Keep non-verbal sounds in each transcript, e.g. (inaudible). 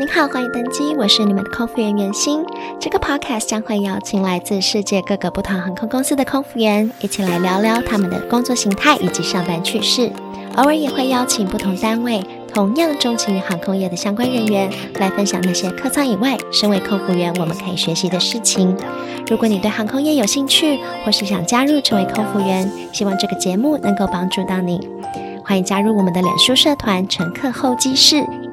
您好，歡迎登機，我是你們的空服員袁鑫。這個 Podcast 將會邀請來自世界各個不同航空公司的空服員，一起來聊聊他們的工作形態以及上班趣事。偶爾也會邀請不同單位同樣鍾情於航空業的相關人員，來分享那些客艙以外，身為空服員我們可以學習的事情。如果你對航空業有興趣，或是想加入成為空服員，希望這個節目能夠幫助到你。歡迎加入我們的臉書社團“乘客候機室”。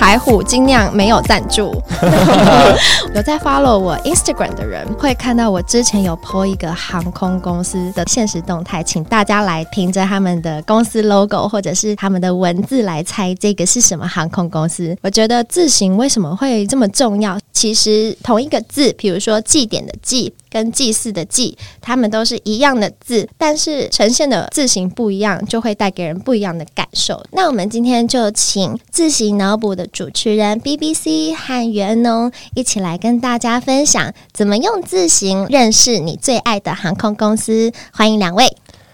台虎精釀沒有贊助， (laughs) 有在 follow 我 Instagram 的人會看到我之前有 po 一個航空公司的限時動態，請大家來憑着他們的公司 logo 或者是他們的文字來猜這個是什麼航空公司。我覺得字型為什麼會這麼重要？其實同一個字，比如說祭典的祭、“記點”的“記”。跟祭祀的“祭”，他們都是一樣的字，但是呈現的字型不一樣，就會帶給人不一樣的感受。那我們今天就請字型腦補的主持人 BBC 和元濃、哦、一起來跟大家分享，怎麼用字型認識你最愛的航空公司。歡迎兩位！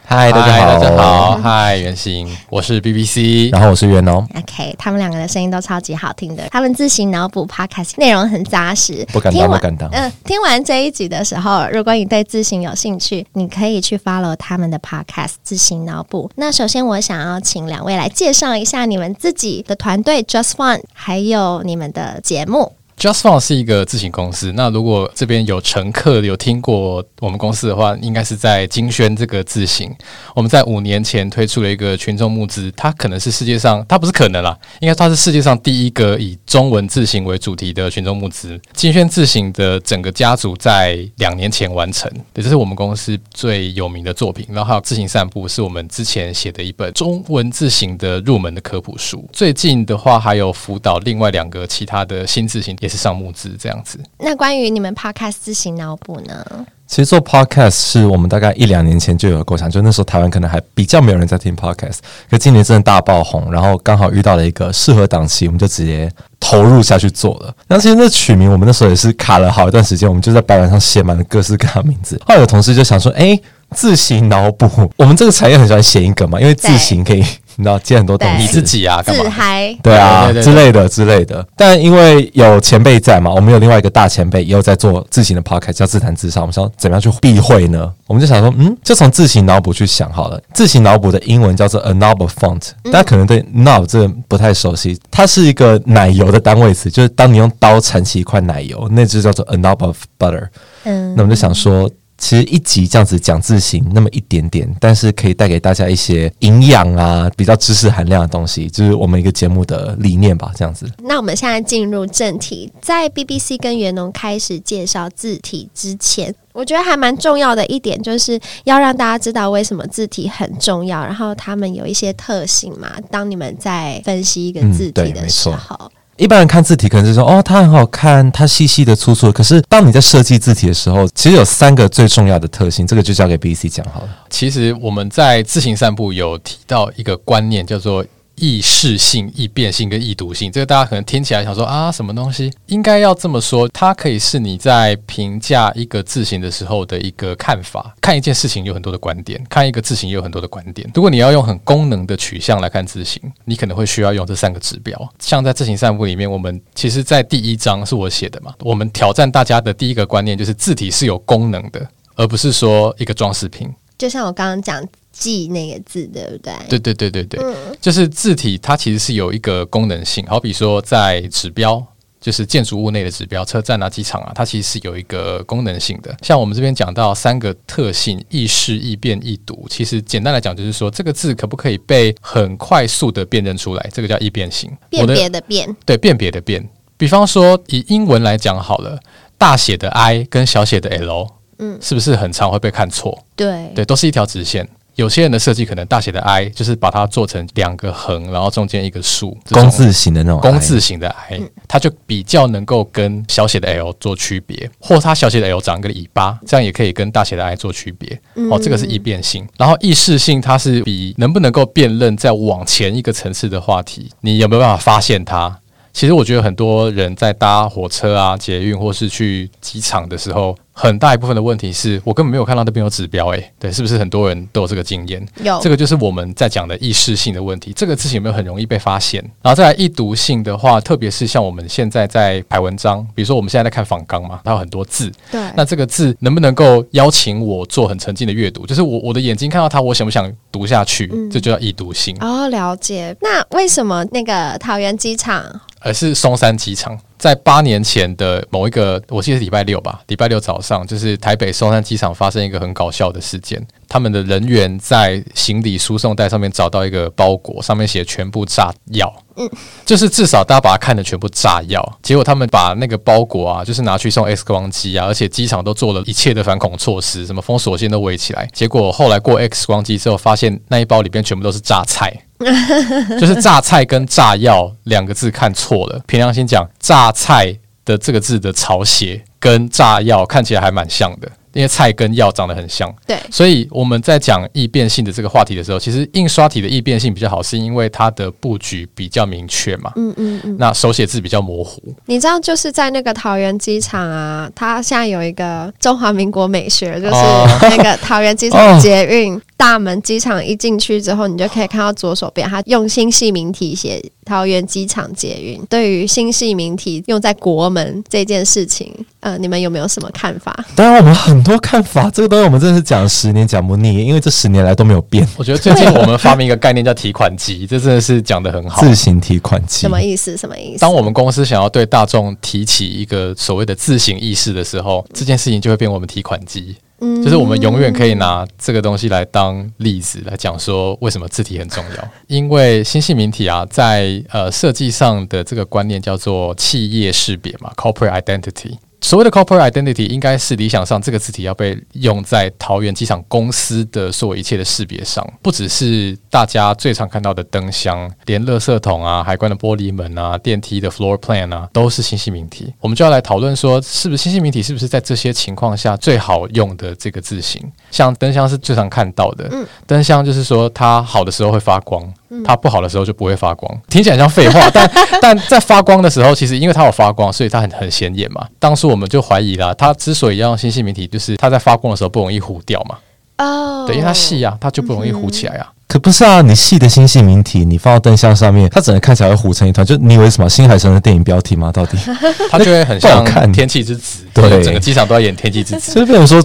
嗨，Hi, Hi，大家好，大家好，嗨、嗯，元濃，我是 BBC，然後我是元濃、哦、，OK，他們兩個的聲音都超級好聽的，他們字型腦補 Podcast 內容很扎實，不敢當，不敢當，嗯、呃，聽完這一集的時候，如果你對字型有興趣，你可以去 follow 他們的 Podcast 字型腦補。那首先我想要請兩位來介紹一下你們自己的團隊 justfont，還有你們的節目。JustFont 是一個字型公司。那如果這邊有乘客有聽過我們公司的話，應該是在金萱這個字型。我們在五年前推出了一個群眾募資，它可能是世界上，它不是可能啦，應該它是世界上第一個以中文字型為主題的群眾募資。金萱字型的整個家族在兩年前完成，也就是我們公司最有名的作品。然後還有《字型散步》是我們之前寫的一本中文字型的入門的科普書。最近的話，還有輔導另外兩個其他的新字型。也是上募資這樣子。那關於你們 Podcast 自行腦補呢？其實做 Podcast 是我們大概一兩年前就有的構想，就那時候台灣可能還比較沒有人在聽 Podcast，可今年真的大爆紅，然後剛好遇到了一個適合檔期，我們就直接投入下去做了。那其實這取名我們那時候也是卡了好一段時間，我們就在白板上寫滿了各式各樣的名字，後來有同事就想說：“哎、欸，自行腦補，我們這個產業很喜歡寫一個嘛，因為自行可以。”你要接很多東西，你對自己啊，幹嘛？自嗨對啊，對對對對之類的之類的。但因為有前輩在嘛，我們有另外一個大前輩，也有在做字型的 podcast，叫字談字暢。我們想要怎麼樣去避諱呢？我們就想說，嗯，就從字型腦補去想好了。字型腦補的英文叫做 a knob of font。大家可能對 knob 這不太熟悉，它是一個奶油的單位詞，就是當你用刀鏟起一塊奶油，那就叫做 a knob of butter。嗯，那我們就想說。其實一集這樣子講字型那麼一點點，但是可以帶給大家一些營養啊，比較知識含量的東西，就是我們一個節目的理念吧，這樣子。那我們現在進入正題，在 BBC 跟元濃開始介紹字體之前，我覺得還蠻重要的一點，就是要讓大家知道為什麼字體很重要，然後他們有一些特性嘛，當你們在分析一個字體的時候。嗯一般人看字體，可能就是說哦，它很好看，它細細的、粗粗的。可是，當你在設計字體的時候，其實有三個最重要的特性，這個就交給 BBC 講好了。其實我們在字型散步有提到一個觀念，叫做。易視性、易辨性跟易讀性，這個大家可能聽起來想說啊，什麽東西？應該要這麼說，它可以是你在評價一個字型的時候的一個看法。看一件事情有很多的觀點，看一個字型也有很多的觀點。如果你要用很功能的取向來看字型，你可能會需要用這三個指標。像在字型散步裡面，我們其實在第一章是我寫的嘛。我們挑戰大家的第一個觀念就是，字體是有功能的，而不是說一個裝飾品。就像我剛剛講。記那個字對不對？對對對對對、嗯，就是字體它其實是有一個功能性，好比說在指標，就是建築物內的指標，車站啊、機場啊，它其實是有一個功能性的。像我們這邊講到三個特性：易視、易辨、易讀。其實簡單來講，就是說這個字可不可以被很快速的辨認出來，這個叫易辨性。辨別的辨，對，辨別的辨。比方說以英文來講好了，大寫的 I 跟小寫的 L，嗯，是不是很常會被看錯？對，對，都是一條直線。有些人的設計可能大寫的 I 就是把它做成兩個橫，然後中間一個豎，工字型的那種。工字型的 I，、嗯、它就比較能夠跟小寫的 l 做區別，或它小寫的 l 長一個尾巴，這樣也可以跟大寫的 I 做區別。哦，這個是易變性。嗯、然後易識性，它是比能不能夠辨認再往前一個層次的話題。你有沒有辦法發現它？其實我覺得很多人在搭火車啊、捷運或是去機場的時候。很大一部分的問題是我根本沒有看到那邊有指標哎、欸，對，是不是很多人都有這個經驗？有這個就是我們在講的易識性的問題，這個事情有沒有很容易被發現？然後再來易讀性的話，特別是像我們現在在排文章，比如說我們現在在看訪綱嘛，它有很多字，對，那這個字能不能夠邀請我做很沉浸的閱讀？就是我我的眼睛看到它，我想不想讀下去？這、嗯、就叫易讀性。哦，了解。那為什麼那個桃園機場？而是松山機場。在八年前的某一個，我記得是禮拜六吧，禮拜六早上，就是台北松山機場發生一個很搞笑的事件。他們的人員在行李輸送帶上面找到一個包裹，上面寫全部炸藥，就是至少大家把它看的全部炸藥。結果他們把那個包裹啊，就是拿去送 X 光機啊，而且機場都做了一切的反恐措施，什麼封鎖線都圍起來。結果後來過 X 光機之後，發現那一包裡邊全部都是榨菜。 (laughs) 就是“榨菜”跟“炸藥”兩個字看錯了。平良先講“榨菜”的這個字的草寫，跟“炸藥”看起來還蠻像的。因為菜跟藥長得很像，對，所以我們在講易變性的這個話題的時候，其實印刷體的易變性比較好，是因為它的布局比較明確嘛。嗯嗯嗯。那手寫字比較模糊。你知道就是在那個桃園機場啊，它現在有一個中華民國美學，就是那個桃園機場捷運大門，機場一進去之後，你就可以看到左手邊，它用新細明體寫桃園機場捷運。對於新細明體用在國門這件事情。呃，你們有沒有什麼看法？當然，我們很多看法。這個東西我們真的是講十年講不膩，因為這十年來都沒有變。我覺得最近我們發明一個概念叫提款機， (laughs) 這真的是講得很好。字型提款機什麼意思？什麼意思？當我們公司想要對大眾提起一個所謂的字型意識的時候，這件事情就會變我們提款機。嗯，就是我們永遠可以拿這個東西來當例子來講說，為什麼字體很重要。 (laughs) 因為新細明體啊，在呃設計上的這個觀念叫做企業識別嘛，Corporate Identity。Corpor 所謂的 corporate identity 應該是理想上這個字體要被用在桃園機場公司的所有一切的識別上，不只是大家最常看到的燈箱，連垃圾桶啊、海關的玻璃門啊、電梯的 floor plan 啊，都是新細明體。我們就要來討論說，是不是新細明體是不是在這些情況下最好用的這個字型？像燈箱是最常看到的，燈箱就是說它好的時候會發光，它不好的時候就不會發光。聽起來像廢話，但但在發光的時候，其實因為它有發光，所以它很很顯眼嘛。當時我。我們就懷疑啦，它之所以要用新細明體，就是它在發光的時候不容易糊掉嘛。哦，oh. 對，因為它細啊，它就不容易糊起來啊。可不是啊，你細的新細明體，你放到燈箱上面，它整個看起來會糊成一團。就你以為什麼新海誠的電影標題嗎？到底 (laughs) 它就會很像看天氣之子， (laughs) 之對，整個機場都要演天氣之子。這邊我說。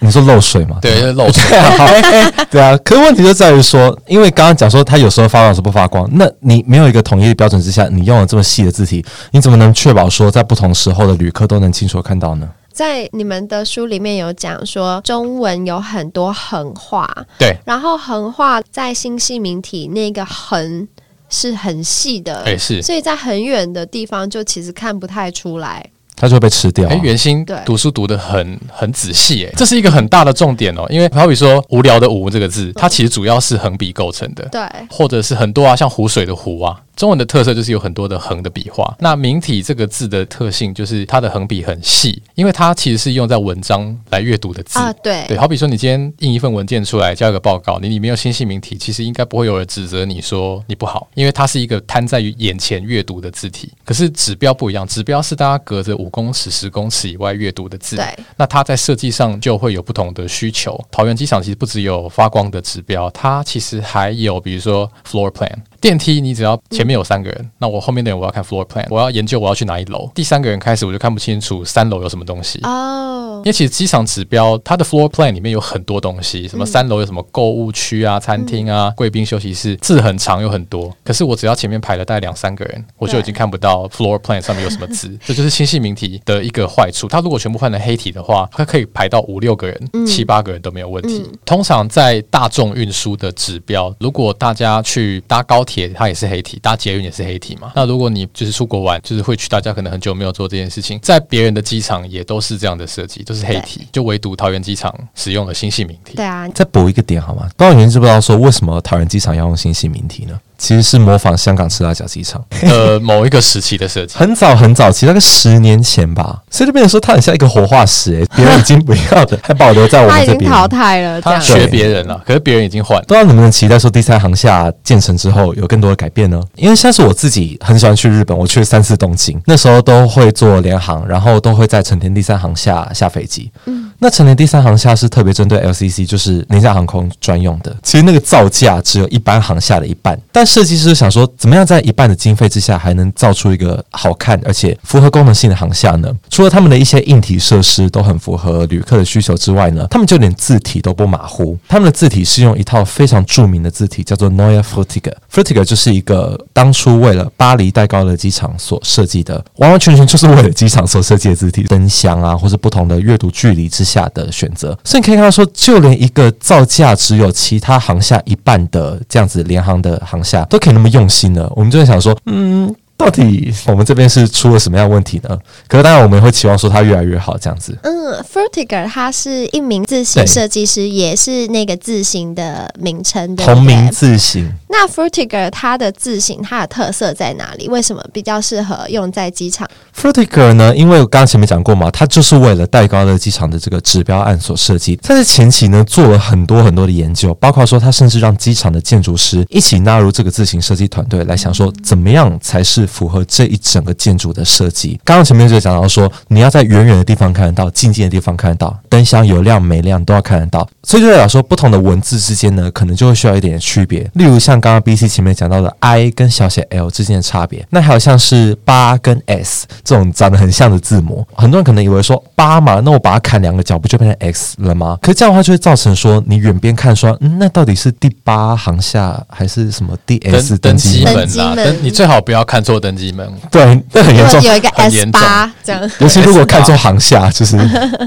你說漏水嗎？對、啊，對就是、漏水啊！ (laughs) 對啊，可是問題就在於說，因為剛剛講說它有時候發光，有時候不發光。那你沒有一個統一的標準之下，你用了這麼細的字體，你怎麼能確保說在不同時候的旅客都能清楚看到呢？在你們的書裡面有講說，中文有很多橫畫，對，然後橫畫在新細明體那個橫是很細的，對、欸，是，所以在很遠的地方就其實看不太出來。它就會被吃掉。哎、欸，元濃，讀書讀得很對很仔細，哎，這是一個很大的重點哦、喔。因為好比說無聊的“無”這個字，它其實主要是橫筆構成的，嗯、對，或者是很多啊，像湖水的“湖”啊。中文的特色就是有很多的橫的筆畫。那明體這個字的特性就是它的橫筆很細，因為它其實是用在文章來閱讀的字。啊、對，對，好比說你今天印一份文件出來交一個報告，你裡面有新細明體，其實應該不會有人指責你說你不好，因為它是一個攤在於眼前閱讀的字體。可是指標不一樣，指標是大家隔着五公尺、十公尺以外閱讀的字。對那它在設計上就會有不同的需求。桃園機場其實不只有發光的指標，它其實還有比如說 floor plan。電梯，你只要前面有三個人，嗯、那我後面的人我要看 floor plan，我要研究我要去哪一樓。第三個人開始我就看不清楚三樓有什麼東西哦。因為其實機場指標它的 floor plan 裡面有很多東西，什麼三樓有什麼購物區啊、餐廳啊、貴賓、嗯、休息室，字很長有很多。可是我只要前面排了大概兩三個人，對我就已經看不到 floor plan 上面有什麼字。 (laughs) 這就是新細明體的一個壞處。它如果全部換成黑體的話，它可以排到五六個人、七八個人都沒有問題。嗯、通常在大眾運輸的指標，如果大家去搭高鐵，鐵，它也是黑體，搭捷運也是黑體嘛。那如果你就是出國玩，就是會去，大家可能很久沒有做這件事情，在別人的機場也都是這樣的設計，都、就是黑體，對 就唯獨桃園機場使用了新細明體。對啊，再補一個點好嗎？大家有知不知道說為什麼桃園機場要用新細明體呢？其實是模仿香港赤鱲角機場呃某一個時期的設計， (laughs) 很早很早其實大概十年前吧。所以就變成說它很像一個活化石，欸，哎，別人已經不要的，還保留在我們這邊 (laughs) 淘汰了這樣。對他學別人了，啊，可是別人已經換，不知道能不能期待說第三航廈建成之後有更多的改變呢？因為像是我自己很喜歡去日本，我去了三次東京，那時候都會坐聯航，然後都會在成田第三航廈下飛機。嗯，那成田第三航廈是特別針對 LCC，就是廉價航空專用的。其實那個造價只有一般航廈的一半，但是。設計師想說，怎麼樣在一半的經費之下，還能造出一個好看而且符合功能性的航廈呢？除了他們的一些硬體設施都很符合旅客的需求之外呢，他們就連字體都不馬虎。他們的字體是用一套非常著名的字體，叫做 Neue Frutiger。Frutiger 就是一個當初為了巴黎戴高樂機場所設計的，完完全全就是為了機場所設計的字體，燈箱啊，或是不同的閱讀距離之下的選擇。所以你可以看到說，就連一個造價只有其他航廈一半的這樣子，聯航的航廈。都可以那麼用心的，我們就在想說，嗯，到底我們這邊是出了什麼樣的問題呢？可是當然，我們也會期望說它越來越好，這樣子。嗯，Frutiger 它是一名字型設計師，對也是那個字型的名稱的同名字型。那 Frutiger 它的字型，它的特色在哪裡？為什麼比較適合用在機場？Frutiger 呢，因為我剛剛前面講過嘛，它就是為了戴高樂機場的這個指標案所設計。他在前期呢，做了很多很多的研究，包括說他甚至讓機場的建築師一起納入這個自行設計團隊來想說，怎麼樣才是符合這一整個建築的設計。剛剛前面就講到說，你要在遠遠的地方看得到，近近的地方看得到，燈箱有亮沒亮都要看得到。所以就代表說，不同的文字之間呢，可能就會需要一點區別。例如像剛剛 B C 前面講到的 I 跟小寫 L 之間的差別，那還有像是八跟 S。這種長得很像的字母，很多人可能以為說八嘛，那我把它砍兩個角不就變成 X 了嗎？可是這樣的話就會造成說你遠邊看說、嗯，那到底是第八航廈還是什麼第 X 登機門，門啊？你最好不要看錯登機門，對，那很嚴重，有一個 S 八這樣對，尤其如果看錯航廈就是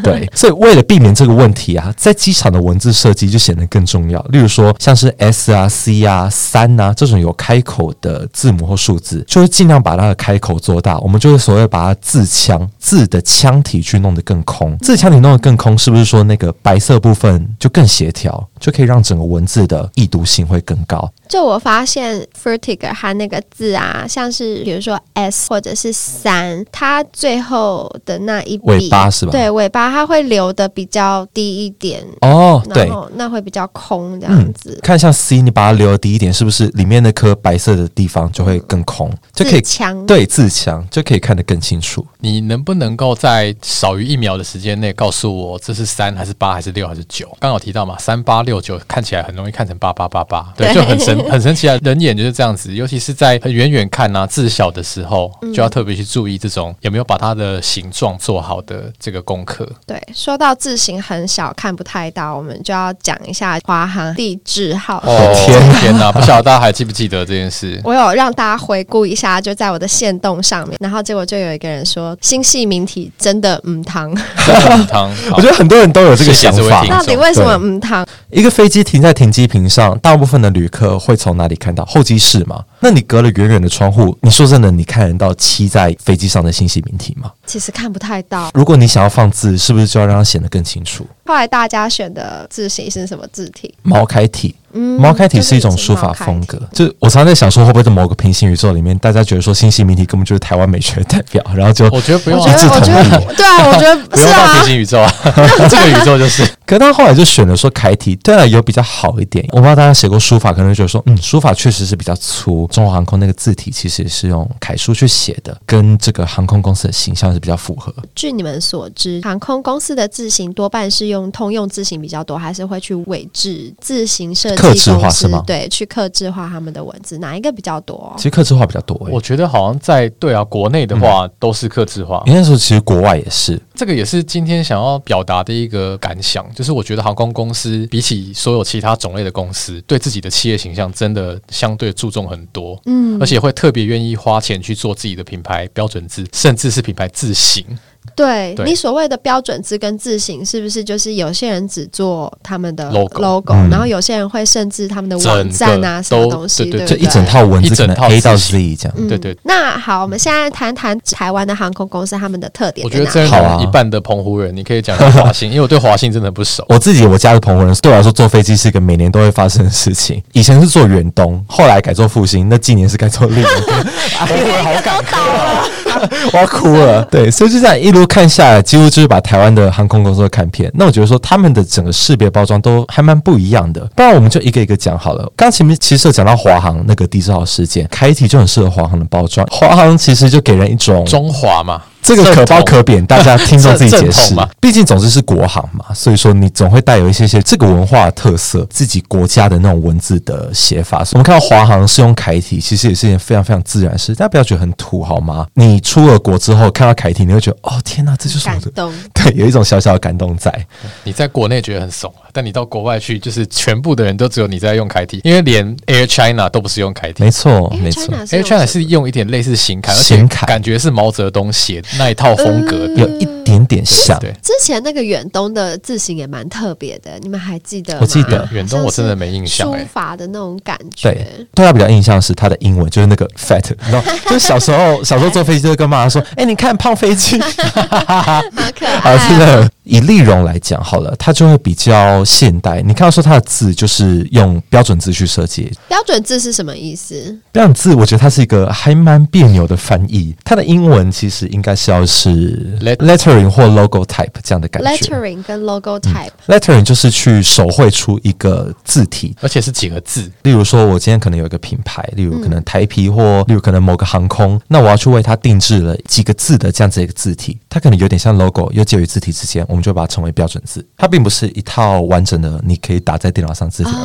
對。所以為了避免這個問題啊，在機場的文字設計就顯得更重要。例如說像是 S 啊、C 啊、三啊這種有開口的字母或數字，就會儘量把它的開口做大。我們就會所謂的。把它字腔字的腔體去弄得更空，字腔體弄得更空，是不是說那個白色部分就更協調，就可以讓整個文字的易讀性會更高？就我發現 Frutiger 它那個字啊，像是比如說 S 或者是三，它最後的那一尾巴是吧？對，尾巴它會留的比較低一點。哦，對，那會比較空這樣子。嗯，看像 C，你把它留的低一點，是不是裡面那顆白色的地方就會更空？就可以腔，對，字腔，就可以看得更。清楚，你能不能夠在少於一秒的時間內告訴我這是三還是八還是六還是九？剛有提到嘛，三八六九看起來很容易看成八八八八，對，就很神很神奇啊！人眼就是這樣子，尤其是在很遠遠看啊字小的時候，就要特別去注意這種有沒有把它的形狀做好的這個功課。對，說到字型很小看不太到，我們就要講一下華航帝雉號天、啊哦。天吶、啊，不曉得大家還記不記得這件事？我有讓大家回顧一下，就在我的限動上面，然後結果就有。有一個人說：“新細明體真的母湯 (laughs) (laughs) 我覺得很多人都有這個想法。到底為什麼母湯？一個飛機停在停機坪上，大部分的旅客會從哪裡看到？候機室嗎？那你隔了遠遠的窗戶，你說真的，你看得到漆在飛機上的新細明體嗎？其實看不太到。如果你想要放字，是不是就要讓它顯得更清楚？後來大家選的字型是什麼字體？毛楷體。”毛楷體是一種書法風格，就我常常在想說，會不會在某個平行宇宙裡面，大家覺得說新細明體根本就是台灣美學的代表，然後就我覺得不用一致統一，對啊，我覺得不用放平行宇宙啊，這個宇宙就是。可他後來就選了說楷體，對啊，有比較好一點。我不知道大家寫過書法，可能會覺得說，嗯，書法確實是比較粗。中華航空那個字體其實是用楷書去寫的，跟這個航空公司的形象是比較符合。據你們所知，航空公司的字型多半是用通用字型比較多，還是會去委製字型設計？客製化是嗎？對，去客製化他們的文字，哪一個比較多？其實客製化比較多，欸。我覺得好像在對啊，國內的話、嗯、都是客製化。應該說，其實國外也是。這個也是今天想要表達的一個感想，就是我覺得航空公司比起所有其他種類的公司，對自己的企業形象真的相對注重很多。嗯，而且會特別願意花錢去做自己的品牌標準字，甚至是品牌字型。對你所謂的標準字跟字型，是不是就是有些人只做他們的 logo，然後有些人會甚至他們的網站啊，什麼東西對不對？一整套文字可能 A 到 Z 這樣。對對。那好，我們現在談談台灣的航空公司他們的特點。我覺得這樣，一半的澎湖人你可以講一下華信，因為我對華信真的不熟。我自己我家的澎湖人對我來說坐飛機是一個每年都會發生的事情。以前是坐遠東，後來改做復興，那近年是改做立榮。澎好感動。 (laughs) 我要哭了，對，所以就這樣一路看下來，幾乎就是把台灣的航空公司看遍。那我覺得說他們的整個識別包裝都還蠻不一樣的，不然我們就一個一個講好了。剛剛前面其實有講到華航那個帝雉號事件，開題就很適合華航的包裝。華航其實就給人一種中華嘛。這個可褒可貶，同大家聽到自己解釋嘛。畢竟總之是國行嘛，所以說你總會帶有一些些這個文化特色，自己國家的那種文字的寫法。我們看到華航是用楷體，其實也是一件非常非常自然事。大家不要覺得很土好嗎？你出了國之後看到楷體，你會覺得哦，天哪，啊，這就是我的感動，對，有一種小小的感動在。你在國內覺得很慫，但你到國外去，就是全部的人都只有你在用楷體，因為連 Air China 都不是用楷體，沒錯，沒錯，Air China，是，Air China 還是用一點類似行楷，行楷凱感覺是毛澤東寫的。那一套風格、呃、有一點點像。對對，之前那個遠東的字形也蠻特別的，你們還記得嗎？我記得遠東，我真的沒印象。書法的那種感覺，對，對他比較印象是他的英文，就是那個 fat， (laughs) 你知道就是、小時候小時候坐飛機就跟媽媽說，哎唉，欸、你看胖飛機，哈哈哈。好 cute。是的啊以內容來講，好了，它就會比較現代。你看到說它的字就是用標準字去設計，標準字是什麼意思？標準字我覺得它是一個還蠻別扭的翻譯。它的英文其實應該是要是 lettering 或 logo type 這樣的感覺。lettering 跟 logo type、嗯、lettering 就是去手繪出一個字體，而且是幾個字。例如說，我今天可能有一個品牌，例如可能台啤或例如可能某個航空，嗯、那我要去為它定制了幾個字的這樣子一個字體。它可能有點像 logo，又介於字體之間，我們就把它稱為標準字。它並不是一套完整的，你可以打在電腦上字體而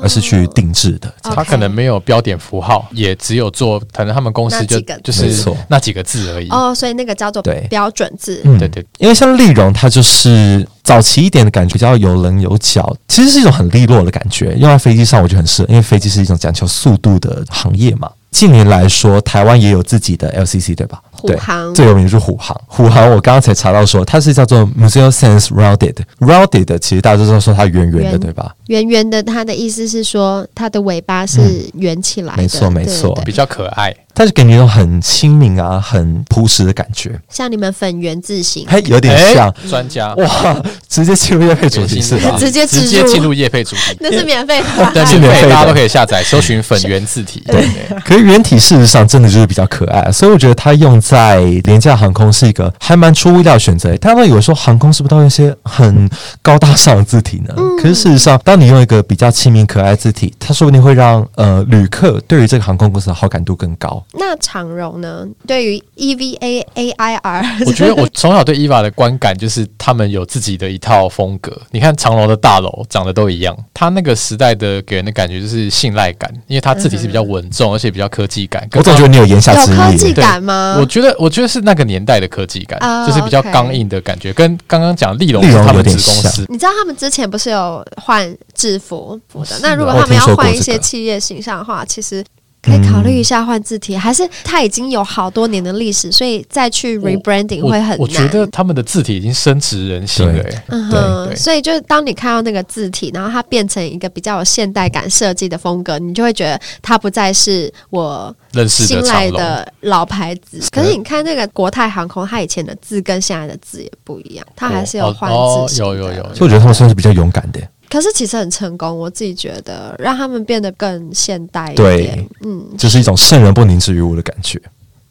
，oh, 而是去定制的。它、oh, okay. 可能沒有標點符號，也只有做，可能他們公司就就是那幾個字而已。沒錯，oh, 所以那個叫做標準字。對，嗯、對，對對，因為像立榮，它就是早期一點的感覺，比較有稜有角，其實是一種很利落的感覺。用在飛機上，我就很適合，因為飛機是一種講求速度的行業嘛。近年來說，台灣也有自己的 LCC，對吧？虎航最有名是虎航，虎航我剛剛才查到說它是叫做 Museo Sans Rounded，Rounded 其實大家都知道說它圓圓的對吧？圓圓的，它的意思是說它的尾巴是圓起來的，沒錯沒錯，比較可愛，但是感覺很親民啊，很樸實的感覺。像你們粉圓字型哎，有點像專家哇，直接進入業配主題是吧？直接直接進入業配主題，那是免費，但是免費大家都可以下載，搜尋粉圓字體。對，可是圓體事實上真的就是比較可愛，所以我覺得它用。在廉價航空是一個還蠻出乎意料的選擇。大家會以為說航空是不是都有一些很高大上的字體呢？嗯、可是事實上，當你用一個比較親民、可愛的字體，它說不定會讓呃旅客對於這個航空公司的好感度更高。那長榮呢？對於 E V A A I R，我覺得我從小對 E V A 的觀感就是他們有自己的一套風格。你看長榮的大樓長得都一樣，它那個時代的給人的感覺就是信賴感，因為它字體是比較穩重，而且比較科技感。我總覺得你有言下之意，科技感嗎？我。覺得我覺得是那個年代的科技感，oh, 就是比較剛硬的感覺，Okay 跟剛剛講的立榮他們的子公司，你知道他們之前不是有換制服服的？啊、那如果他們要換一些企業形象的話，這個、其實。可以考慮一下換字體，嗯、還是它已經有好多年的歷史，所以再去 rebranding 會很難。我，我，我覺得他們的字體已經深植人心了耶，對嗯、哼，所以就是當你看到那個字體，然後它變成一個比較有現代感設計的風格，你就會覺得它不再是我認識的新來的老牌子。可是你看那個國泰航空，它以前的字跟現在的字也不一樣，它還是有換字體、哦哦，有有有，有有有，所以我覺得他們算是，是比較勇敢的。可是其實很成功，我自己覺得讓他們變得更現代一點，對嗯，就是一種聖人不凝滯於物的感覺。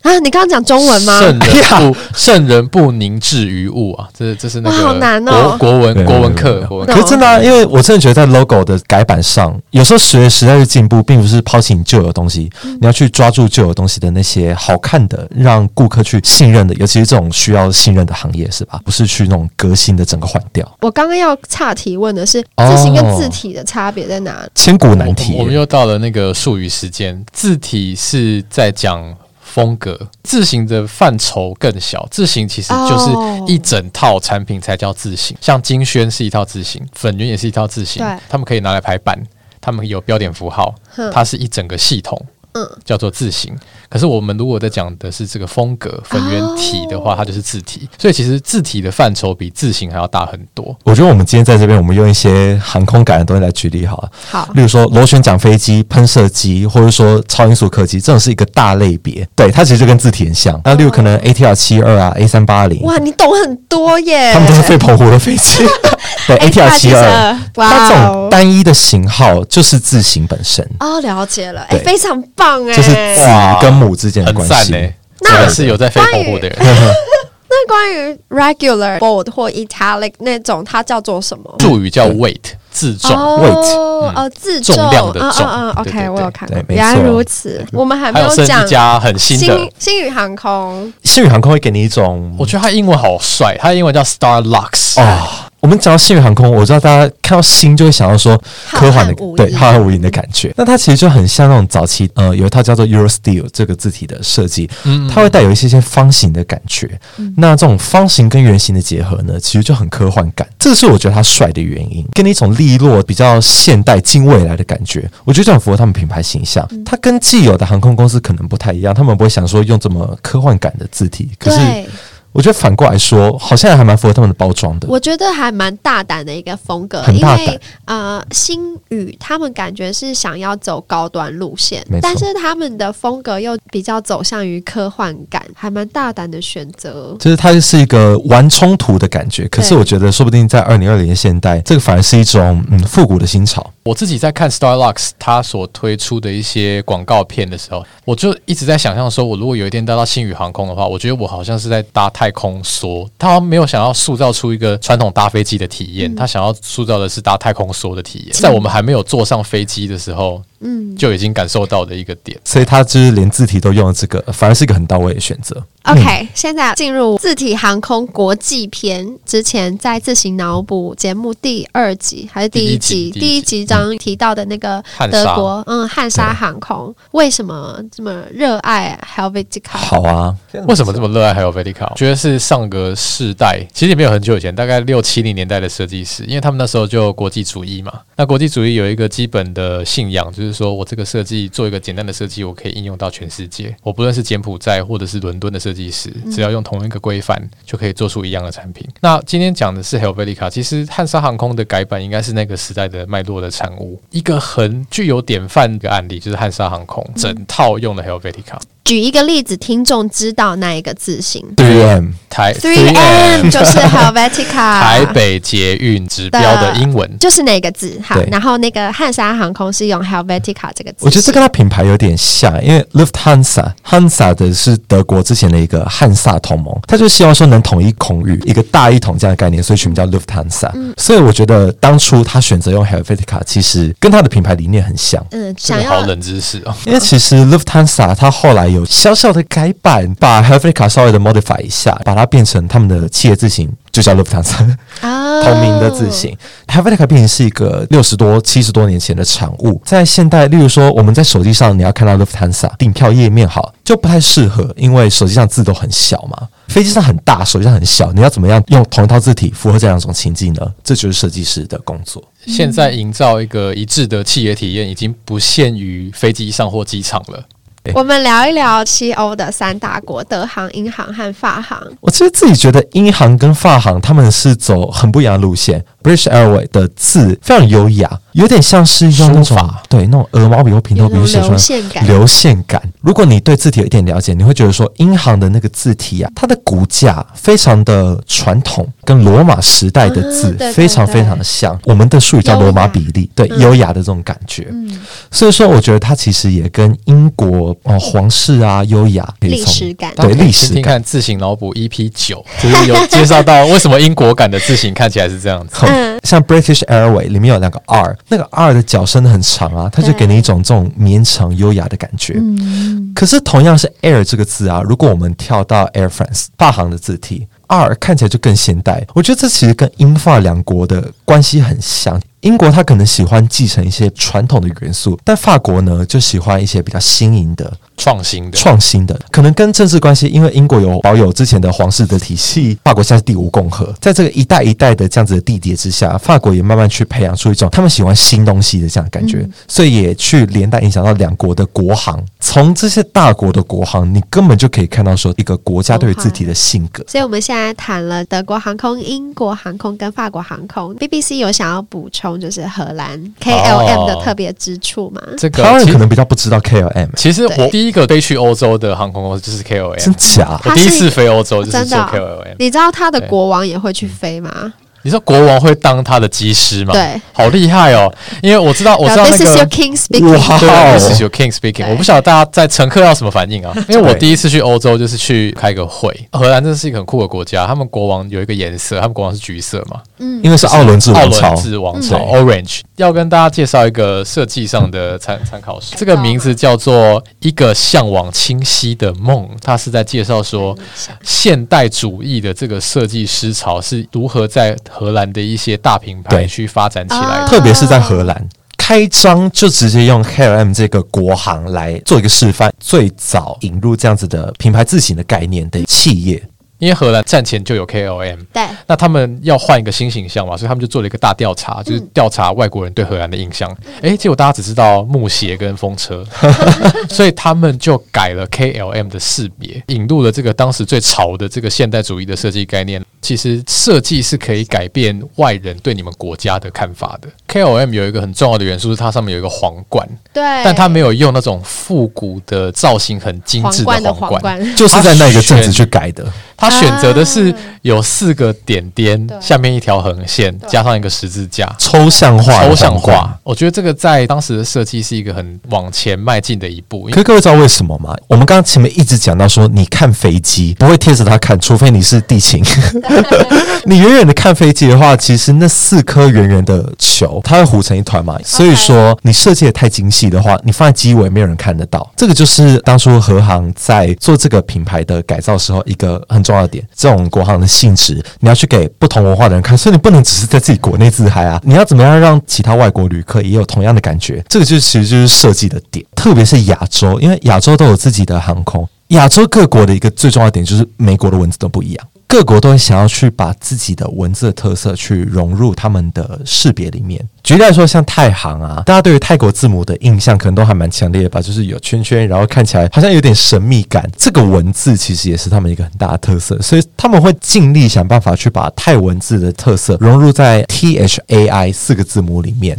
啊，你剛剛講中文嗎？聖人不聖、哎、呀人不凝滯於物啊，這是這是那個國好難、哦、國，國文對對對國文課。國文可是呢、啊，No. 因為我真的覺得在 logo 的改版上，有時候隨著時代的進步，並不是拋棄你舊有東西，嗯、你要去抓住舊有東西的那些好看的，讓顧客去信任的，尤其是這種需要信任的行業，是吧？不是去那種革新的整個換掉。我剛剛要岔提問的是，這是一個字體的差別在哪、哦？千古難題、欸。我們又到了那個術語時間，字體是在講風格，字型的範疇更小，字型其實就是一整套產品才叫字型。Oh. 像金萱是一套字型，粉圓也是一套字型，對他們可以拿來排版，他們有標點符號，它是一整個系統。嗯嗯叫做字型，可是我們如果在講的是這個風格，粉圓體的話，哦、它就是字體。所以其實字體的範疇比字型還要大很多。我覺得我們今天在這邊，我們用一些航空感的東西來舉例好了。好，例如說螺旋槳飛機、噴射機，或者說超音速客機，這種是一個大類別。對，它其實就跟字體很像。那例如可能 AT、啊、A T R 七二啊，A 三八零，哇，你懂很多耶。他們都是飛澎湖的飛機。 (laughs) (laughs) 對，A T R 七二。哇，它這種單一的型號就是字型本身。哦，了解了，哎、欸，對非常棒。就是子跟母之間的關係。那是有在飛瀑布的人。那關於 regular bold 或 italic 那種，它叫做什麼？術語叫 weight，自重 weight。哦，自重，重量的重。OK，我有看過。原來如此。我們還沒有講一新星宇航空。星宇航空會給你一種，我覺得它英文好帥，它英文叫 Star Lux。我們講到星宇航空，我知道大家看到“星”就會想到說科幻的，對，浩瀚無垠的感覺。那、嗯、它其實就很像那種早期，呃，有一套叫做 Eurostile 這個字體的設計，嗯，嗯，它會帶有一些些方形的感覺。嗯、那這種方形跟圓形的結合呢，其實就很科幻感，這是我覺得它帥的原因，跟你一種利落、比較現代、近未來的感覺，我覺得這很符合他們品牌形象。嗯、它跟既有的航空公司可能不太一樣，他們不會想說用這麼科幻感的字體，可是。我覺得反過來說，好像還蠻符合他們的包裝的。我覺得還蠻大膽的一個風格，因為呃，星宇他們感覺是想要走高端路線，錯但是他們的風格又比較走向於科幻感，還蠻大膽的選擇。就是它就是一個玩衝突的感覺，對可是我覺得說不定在二零二零年代，這個反而是一種嗯復古的新潮。我自己在看 Starlux 它所推出的一些廣告片的時候，我就一直在想象說，我如果有一天搭到星宇航空的話，我覺得我好像是在搭太。太空梭，他沒有想要塑造出一個傳統搭飛機的體驗，他想要塑造的是搭太空梭的體驗。嗯、在我們還沒有坐上飛機的時候。嗯，就已經感受到的一個點，所以他就是連字體都用了這個，反而是一個很到位的選擇。OK，、嗯、現在進入字體航空國際篇之前，在字型腦補節目第二集還是第一集，第一集？第一集章、嗯、提到的那個德國，沙嗯，漢莎航空、嗯、為什麼這麼熱愛 Helvetica？好啊，為什麼這麼熱愛 Helvetica？覺得是上個世代，其實也沒有很久以前，大概六七零年代的設計師，因為他們那時候就國際主義嘛。那國際主義有一個基本的信仰就是。就是說我這個設計做一個簡單的設計，我可以應用到全世界。我不論是柬埔寨或者是倫敦的設計師，只要用同一個規範，就可以做出一樣的產品。嗯、那今天講的是 Helvetica，其實漢莎航空的改版應該是那個時代的脈絡的產物，一個很具有典範的案例，就是漢莎航空整套用的 Helvetica，嗯嗯舉一個例子，聽眾知道那一個字型對，Three M，台 Three M 就是 Helvetica，台北捷運指標的英文，好對就是那個字？對然後那個漢莎航空是用 Helvetica 這個字。我覺得這跟它品牌有點像，因為 Lufthansa，Hansa 的是德國之前的一個漢薩同盟，他就希望說能統一空域，一個大一統這樣的概念，所以取名叫 Lufthansa，嗯。所以我覺得當初他選擇用 Helvetica，其實跟他的品牌理念很像。嗯，這個好冷知識哦。因為其實 Lufthansa 他後來有小小的改版，把 Helvetica 稍微的 modify 一下，把它變成他們的企業字型，就叫 Lufthansa、oh. 同名的字型。Helvetica 變成是一個六十多、七十多年前的產物，在現代，例如說我們在手機上你要看到 Lufthansa 訂票頁面好，好就不太適合，因為手機上字都很小嘛。飛機上很大，手機上很小，你要怎麼樣用同一套字體符合這兩種情境呢？這就是設計師的工作。現在營造一個一致的企業體驗，已經不限於飛機上或機場了。我們聊一聊西歐的三大國，德航、英航和法航。我其實自己覺得，英航跟法航他們是走很不一樣的路線。British Airways 的字非常優雅，有點像是用那種說法對那種鵝毛筆或平頭筆寫出來流線感。如果你對字體有一點了解，你會覺得說英航的那個字體啊，它的骨架非常的傳統，跟羅馬時代的字非常非常的像。我們的術語叫羅馬比例，嗯、對，優雅的這種感覺。嗯、所以說，我覺得它其實也跟英國哦、嗯、皇室啊優雅歷史感對歷史感聽看字型腦補 EP 九就是有介紹到為什麼英國感的字形看起來是這樣子。 (laughs) 嗯像 British Airways 裡面有兩個 R，那個 R 的腳伸得很長啊，它就給你一種這種綿長優雅的感覺。對可是同樣是 Air 這個字啊，如果我們跳到 Air France 法航的字體，R 看起來就更現代。我覺得這其實跟英法兩國的關係很像。英國他可能喜歡繼承一些傳統的元素，但法國呢就喜歡一些比較新穎的、創新的、創新的。可能跟政治關係，因為英國有保有之前的皇室的體系，法國現在是第五共和，在這個一代一代的這樣子的地疊之下，法國也慢慢去培養出一種他們喜歡新東西的這樣的感覺，嗯、所以也去連帶影響到兩國的國航。從這些大國的國航，你根本就可以看到說一個國家對於自己的性格。Oh, right. 所以，我們現在談了德國航空、英國航空跟法國航空，BBC 有想要補充？就是荷蘭 K L M 的特別之處嘛？哦、這個你可能比較不知道 K L M、欸。其實我第一個飛去歐洲的航空公司就是 K L M，真假？我第一次飛歐洲就是坐 K L M、哦。你知道他的國王也會去飛嗎？對嗯、你知道國王會當他的機師嗎？嗯、對，好厲害哦！因為我知道，我知道那個 king speaking，哇，這是、no, your king speaking Wow。我不曉得大家在乘客要什麼反應啊？因為我第一次去歐洲就是去開個會。荷蘭這是一個很酷的國家，他們國王有一個顏色，他們國王是橘色嘛？嗯，因為是奧倫治王朝，Orange 王朝，嗯、對 要跟大家介紹一個設計上的參參考書，嗯、這個名字叫做《一個向往清晰的夢》，它是在介紹說現代主義的這個設計思潮是如何在荷蘭的一些大品牌去發展起來，對 啊、特別是在荷蘭開張就直接用 KLM 這個國行來做一個示範，最早引入這樣子的品牌字型的概念的企業。因為荷蘭戰前就有 KLM，對，那他們要換一個新形象嘛，所以他們就做了一個大調查，就是調查外國人對荷蘭的印象。哎、嗯，結果、欸、大家只知道木鞋跟風車， (laughs) 所以他們就改了 KLM 的識別，引入了這個當時最潮的這個現代主義的設計概念。其實設計是可以改變外人對你們國家的看法的。KLM 有一個很重要的元素是它上面有一個皇冠，對，但它沒有用那種復古的造型，很精緻的皇冠，就是在那個陣子去改的他選他。他選擇的是有四個點點，啊、下面一條橫線，對加上一個十字架，抽象，抽象化，抽象化。我覺得這個在當時的設計是一個很往前邁進的一步。可是各位知道為什麼嗎？我們剛剛前面一直講到說，你看飛機不會貼着它看，除非你是地勤對。 (laughs) (laughs) 你遠遠的看飛機的話，其實那四顆圓圓的球，它會糊成一團嘛。所以說，你設計的太精細的話，你放在機尾沒有人看得到。這個就是當初荷航在做這個品牌的改造的時候一個很重要的點。這種國航的性質，你要去給不同文化的人看，所以你不能只是在自己國內自嗨啊。你要怎麼樣讓其他外國旅客也有同樣的感覺？這個就是其實就是設計的點，特別是亞洲，因為亞洲都有自己的航空。亞洲各國的一個最重要點就是，每國的文字都不一樣。各國都會想要去把自己的文字的特色去融入他們的識別裡面。舉例來說，像泰航啊，大家對於泰國字母的印象可能都還蠻強烈的吧，就是有圈圈，然後看起來好像有點神秘感。這個文字其實也是他們一個很大的特色，所以他們會盡力想辦法去把泰文字的特色融入在 THAI 四個字母裡面。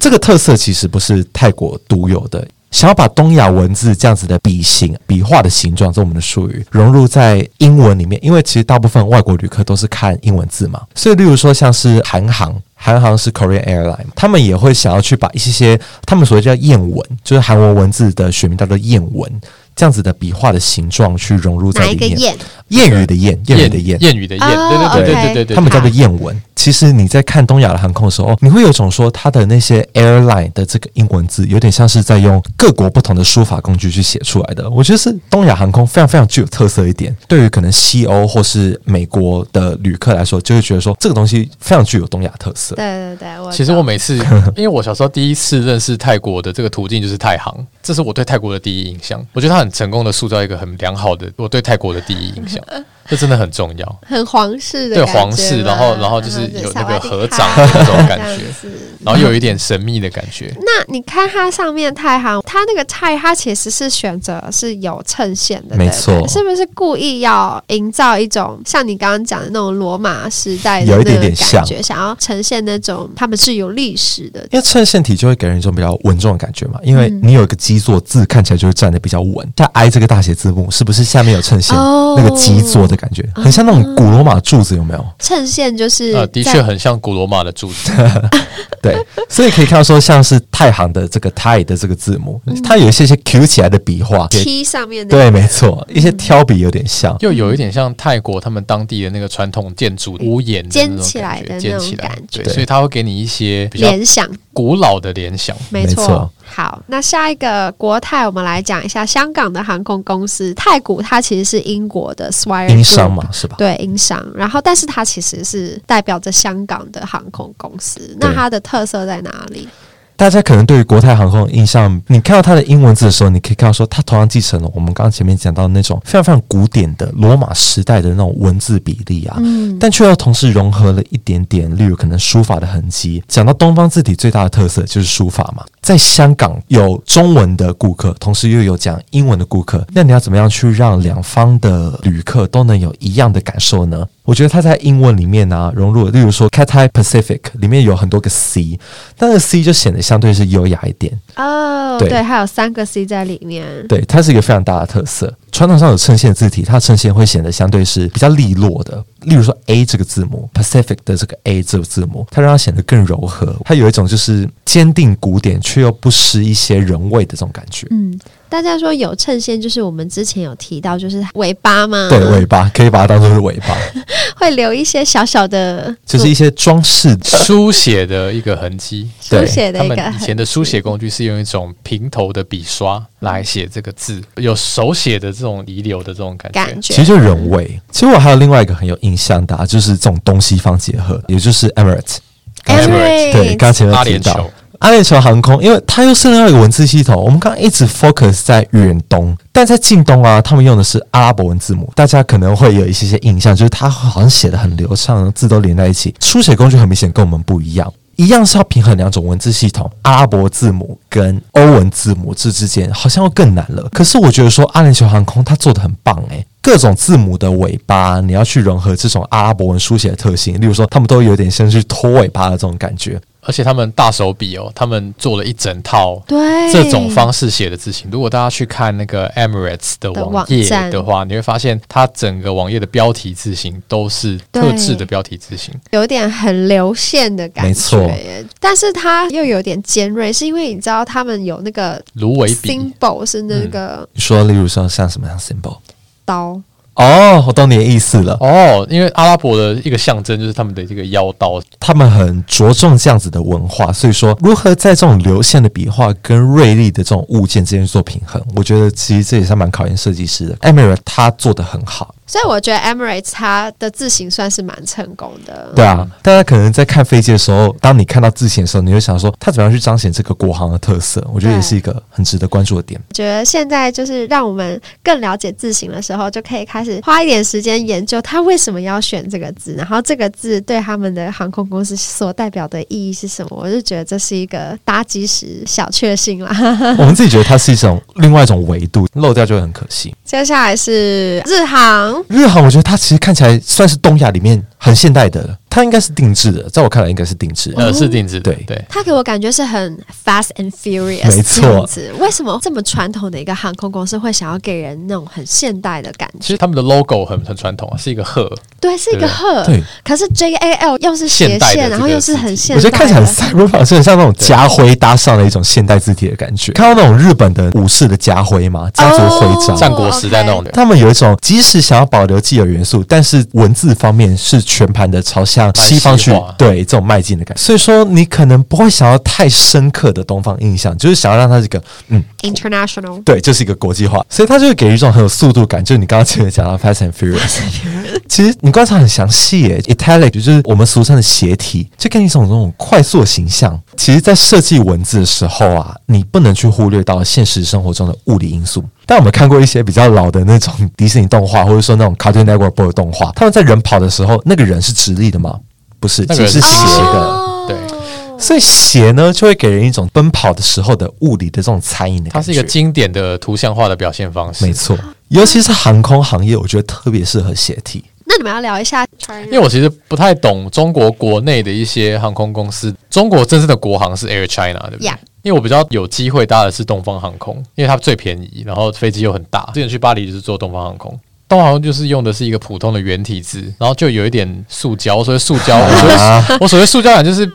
這個特色其實不是泰國獨有的。想要把東亞文字這樣子的筆形、筆畫的形狀，這我們的術語，融入在英文裡面，因為其實大部分外國旅客都是看英文字嘛。所以，例如說像是韓航，韓航是 Korean Airline，他們也會想要去把一些些他們所謂叫諺文，就是韓文文字的學名叫做諺文，這樣子的筆畫的形狀去融入在裡面。諺語的諺語的諺，諺語的諺，對對對對對對，okay, 他們叫做諺文。啊其實你在看東亞的航空的時候，你會有種說它的那些 airline 的這個英文字，有點像是在用各國不同的書法工具去寫出來的。我覺得是東亞航空非常非常具有特色一點。對於可能西歐或是美國的旅客來說，就會覺得說這個東西非常具有東亞特色。對對對，我其實我每次因為我小時候第一次認識泰國的這個途徑就是泰航，這是我對泰國的第一印象。我覺得他很成功的塑造一個很良好的我對泰國的第一印象。 (laughs) 這真的很重要，很皇室的，對皇室，然後然後就是有就那個合掌的那種感覺，是然後有一點神秘的感覺。 (laughs) 那你看它上面泰航，它那個泰，它其實是選擇是有襯線的，沒錯，是不是故意要營造一種像你剛剛講的那種羅馬時代有一點點像，感覺，想要呈現那種他們是有歷史的，因為襯線體就會給人一種比較穩重的感覺嘛，嗯、因為你有一個基座字看起來就會站得比較穩。像 I 這個大寫字母，是不是下面有襯線那個基座的？哦的感覺很像那種古羅馬柱子，有沒有？襯線就是呃的確很像古羅馬的柱子。 (laughs) 對，所以可以看到說，像是泰航的這個泰的這個字母，嗯、它有一些些 Q 起來的筆畫，T 上面的對，沒錯，一些挑筆有點像，嗯、又有一點像泰國他們當地的那個傳統建築屋檐尖起來的感覺，對，對所以它會給你一些聯想，古老的聯想，想沒錯錯。好，那下一個國泰，我們來講一下香港的航空公司太古，它其實是英國的 Swire。對商，嘛是吧？對，英商。然後，但是它其實是代表着香港的航空公司。那它的特色在哪裡？大家可能對於國泰航空的印象，你看到它的英文字的時候，你可以看到說，它同樣繼承了我們剛剛前面講到的那種非常非常古典的羅馬時代的那種文字比例啊，嗯，但卻又同時融合了一點點，例如可能書法的痕跡。講到東方字體最大的特色就是書法嘛，在香港有中文的顧客，同時又有講英文的顧客，那你要怎麼樣去讓兩方的旅客都能有一樣的感受呢？我覺得它在英文裡面呢、啊，融入了，例如說 Cathay Pacific 裡面有很多個 C，但那個 C 就顯得相對是優雅一點哦。Oh, 對，對，還有三個 C 在裡面，對，它是一個非常大的特色。傳統上有襯線字體，它的襯線會顯得相對是比較利落的。例如說 A 這個字母，Pacific 的這個 A 這個字母，它讓它顯得更柔和。它有一種就是堅定古典卻又不失一些人味的這種感覺。嗯，大家說有襯線，就是我們之前有提到，就是尾巴嘛？對，尾巴可以把它當做是尾巴， (laughs) 會留一些小小的，就是一些裝飾書寫的一個痕跡。對書寫的一個，以前的書寫工具是用一種平頭的筆刷來寫這個字，有手寫的字。這種遺留的這種感覺，感覺，其實就人味。其實我還有另外一個很有印象的，啊，就是這種東西方結合，也就是 Emirates。Emirates 對，剛才阿聯酋，阿聯酋航空，因為它又涉及到一個文字系統。我們剛剛一直 focus 在遠東，但在近東啊，他們用的是阿拉伯文字母。大家可能會有一些些印象，就是他好像寫得很流暢，嗯、字都連在一起，書寫工具很明顯跟我們不一樣。一樣是要平衡兩種文字系統，阿拉伯字母跟歐文字母這之間，好像會更難了。可是我覺得說，阿聯酋航空它做的很棒誒、欸，各種字母的尾巴，你要去融合這種阿拉伯文書寫的特性，例如說，他們都有點像是拖尾巴的這種感覺。而且他們大手筆哦，他們做了一整套這種方式寫的字型。對如果大家去看那個 Emirates 的網頁的話，的你會發現它整個網頁的標題字型都是特制的標題字型，有點很流線的感覺。錯但是它又有點尖銳，是因為你知道他們有那個蘆葦筆，symbol 是那個。嗯、你說，例如說像什麼樣 symbol 刀。哦，我懂你的意思了。哦，因為阿拉伯的一個象徵就是他們的這個腰刀，他們很着重這樣子的文化，所以說如何在這種流線的筆畫跟銳利的這種物件，之間做平衡，我覺得其實這也是蠻考驗設計師的。Emirates 他做的很好。所以我覺得 Emirates 它的字型算是蠻成功的。對啊，大家可能在看飛機的時候，當你看到字型的時候，你會想說它怎麼樣去彰顯這個國航的特色？我覺得也是一個很值得關注的點。我覺得現在就是讓我們更了解字型的時候，就可以開始花一點時間研究它為什麼要選這個字，然後這個字對他們的航空公司所代表的意義是什麼？我就覺得這是一個搭機時小確幸啦。我們自己覺得它是一種另外一種維度，漏掉就會很可惜。接下來是日航。日航，我覺得它其實看起來算是東亞裡面。很現代的，它應該是定制的，在我看來應該是定制的，呃、嗯，對是定制的，對對。它給我感覺是很 fast and furious，沒錯錯。為什麼這麼傳統的一個航空公司會想要給人那種很現代的感覺？其實他們的 logo 很很傳統啊，是一個鶴，對，是一個鶴。對，吧對。可是 JAL 又是斜線，然後又是很現代的，我覺得看起來很復古，很像那種家徽搭上了一種現代字體的感覺。對看到那種日本的武士的家徽嘛，家族徽章，戰國時代那種的。他們有一種，即使想要保留既有元素，但是文字方面是，全盤的朝向西方去，對這種邁進的感覺，所以說你可能不會想要太深刻的東方印象，就是想要讓它這個嗯，international，對，就是一個國際化，所以它就會給予一種很有速度感，就是你剛剛前面講到 fast and furious。 (laughs) 其實你觀察很詳細耶、欸、，italic 就是我們俗稱的斜體，就給你一種那種快速的形象。其實，在設計文字的時候啊，你不能去忽略到現實生活中的物理因素。但我們看過一些比較老的那種迪士尼動畫，或者說那種 cartoon network 的動畫，他們在人跑的時候，那個人是直立的嗎？不是，那個人是斜的。哦、對，所以斜呢就會給人一種奔跑的時候的物理的這種殘影的感覺。它是一個經典的圖像化的表現方式。沒錯，尤其是航空行業，我覺得特別適合斜體。那你們要聊一下，因為我其實不太懂中國國內的一些航空公司。中國真正的國航是 Air China，對不對？Yeah. 因為我比較有機會搭的是東方航空，因為它最便宜，然後飛機又很大。之前去巴黎就是坐東方航空，東方航空就是用的是一個普通的圓體字，然後就有一點塑膠，我所謂塑膠，我所謂塑膠感 (laughs) 就是。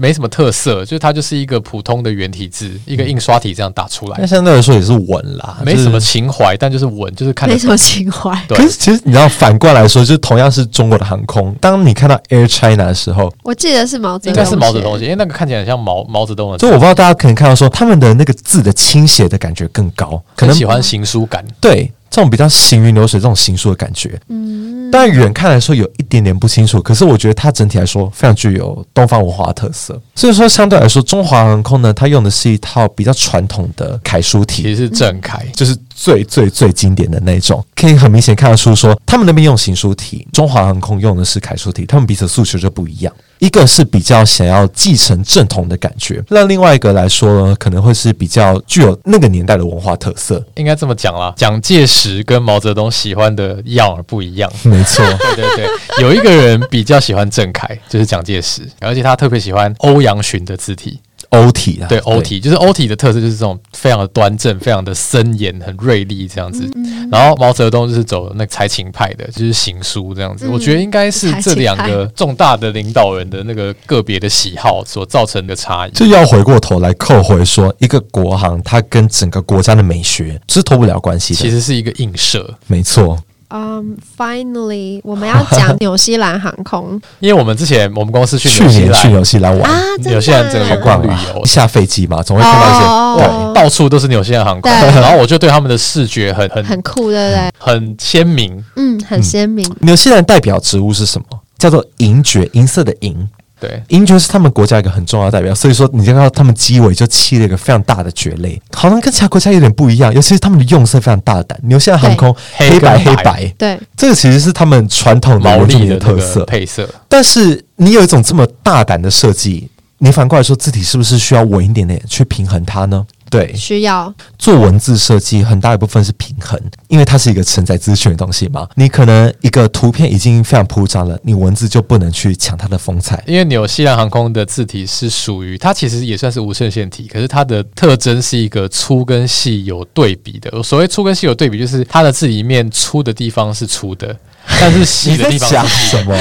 沒什麼特色，就是它就是一個普通的原體字，一個印刷體這樣打出來。那相對來說也是穩啦，沒什麼情懷，但就是穩，就是看。沒什麼情懷。對。可是其實你知道，反過來說，就同樣是中國的航空，當你看到 Air China 的時候，我記得是毛澤東，應該是毛澤東寫，因為那個看起來很像毛毛澤東的。所以我不知道大家可能看到說，他們的那個字的傾斜的感覺更高，可能喜歡行書感。對。這種比較行雲流水，這種行書的感覺，嗯，但遠看來說有一點點不清楚。可是我覺得它整體來說非常具有東方文化的特色。所以說，相對來說，中華航空呢，它用的是一套比較傳統的楷書體，其實是正楷，就是。最最最經典的那種，可以很明顯看得出說，說他們那邊用行書體，中華航空用的是楷書體，他們彼此訴求就不一樣。一個是比較想要繼承正統的感覺，那另外一個來說呢，可能會是比較具有那個年代的文化特色。應該這麼講啦，蔣介石跟毛澤東喜歡的樣兒不一樣。沒錯錯， (laughs) 對對對，有一個人比較喜歡正楷，就是蔣介石，而且他特別喜歡歐陽詢的字體。歐體對歐體，對 T, 就是歐體的特色，就是這種非常的端正，非常的森嚴，很銳利這樣子。嗯、然後毛澤東就是走那個才情派的，就是行書這樣子。我覺得應該是這兩個重大的領導人的那個個別的喜好所造成的差異。這要回過頭來扣回說，一個國行，它跟整個國家的美學是脫不了關係的。其實是一個映射，沒錯。嗯、um,，Finally，我們要講紐西蘭航空，因為我們之前我們公司去紐西蘭，去年去紐西蘭玩紐、啊、西蘭整個逛旅遊，下飛機嘛，總會看到一些，到處都是紐西蘭航空，對然後我就對他們的視覺很很很酷的對不對？很鮮明，嗯，很鮮明。紐、嗯、西蘭代表植物是什麼？叫做銀蕨，銀色的銀。對，銀蕨是他們國家一個很重要的代表，所以說你看到他們機尾就漆了一個非常大的蕨類，好像跟其他國家有點不一樣，尤其是他們的用色非常大膽。你說現在航空黑白對黑白，黑白對，白對這個其實是他們傳統的毛力的特色的配色。但是你有一種這麼大膽的設計，你反過來說字體是不是需要穩一點點去平衡它呢？對，需要做文字設計，很大一部分是平衡，因為它是一個承載資訊的東西嘛。你可能一個圖片已經非常鋪張了，你文字就不能去搶它的風采。因為紐西蘭航空的字體是屬於，它其實也算是無襯線體，可是它的特徵是一個粗跟細有對比的。所謂粗跟細有對比，就是它的字裡面粗的地方是粗的。但是細的地方是什麼？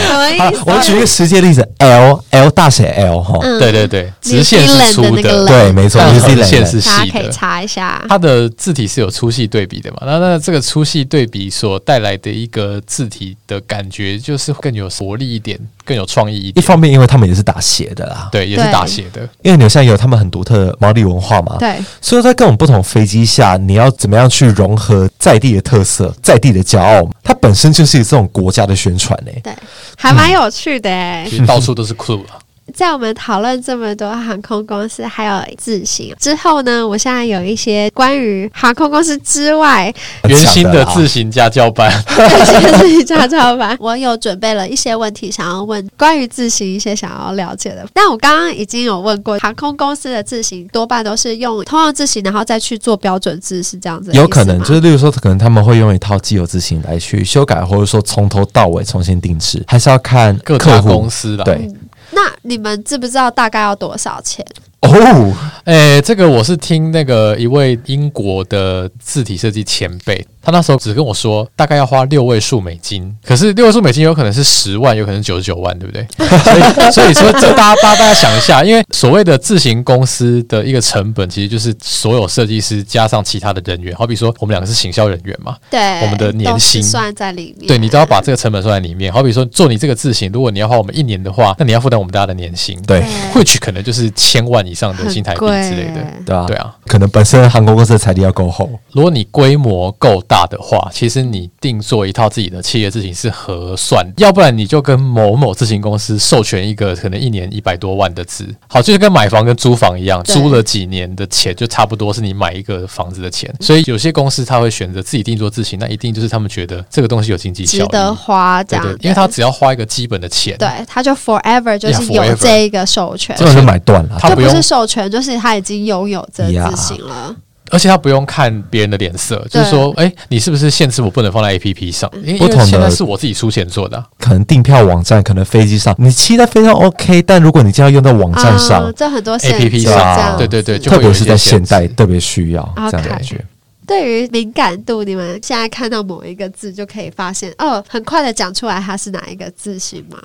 我舉一個實際例子，L L 大寫 L 哈，對對對，直線是粗的，的的對，沒錯，直線是細的。可以查一下，它的字體是有粗細對比的嘛？那那這個粗細對比所帶來的一個字體的感覺，就是更有活力一點。更有創意一，一方面，因為他們也是打斜的啦，對，也是打斜的。對因為紐西蘭有他們很獨特的毛利文化嘛，對，所以在各種不同飛機下，你要怎麼樣去融合在地的特色、在地的驕傲，它本身就是一種國家的宣傳呢、欸。對，還蠻有趣的、欸，嗯、其實到處都是酷啊。 (laughs) 在我們討論這麼多航空公司還有字型之後呢，我現在有一些關於航空公司之外原新的字型家教班，原新的字型家教班， (laughs) 我有準備了一些問題想要問關於字型一些想要了解的。但我剛剛已經有問過航空公司的字型多半都是用通用字型，然後再去做標準字，是這樣子。有可能就是例如說，可能他們會用一套既有字型來去修改，或者說從頭到尾重新定制，還是要看客戶、各大公司的對。那你們知不知道大概要多少錢？哦，誒，這個我是聽那個一位英國的字體設計前輩。他那時候只跟我說大概要花六位數美金，可是六位數美金有可能是十萬，有可能九十九萬，對不對？ (laughs) 所以所以說這大家，大家大家想一下，因為所謂的字型公司的一個成本，其實就是所有設計師加上其他的人員，好比說我們兩個是行銷人員嘛，對，我們的年薪算在裡面，對你都要把這個成本算在裡面。好比說做你這個字型，如果你要花我們一年的話，那你要負擔我們大家的年薪，對或許可能就是千萬以上的新台幣之類的，對啊對啊，可能本身航空公司的財力要夠厚，如果你規模夠大。的話，其實你定做一套自己的企業字型是合算的，要不然你就跟某某字型公司授權一個可能一年一百多萬的資，好，就是跟買房跟租房一樣，對租了幾年的錢就差不多是你買一個房子的錢。對所以有些公司他會選擇自己定做字型，那一定就是他們覺得這個東西有經濟效益值得花這樣對對對，因為他只要花一個基本的錢，對，他就 forever 就是有這一個授權，這是買斷了，他不就不是授權，就是他已經擁有這字型了。Yeah. 而且他不用看別人的臉色，就是說，哎、欸，你是不是限制我不能放在 A P P 上？嗯、不同的，現在是我自己出錢做的、啊、的，可能訂票網站，可能飛機上，你期待非常 OK，但如果你就要用到網站上，哦、這很多 A P P 上，對、啊、對、對對對，就會有特別是在現代特別需要 okay，這樣感覺。對於敏感度，你們現在看到某一個字就可以發現哦，很快的講出來它是哪一個字型嗎？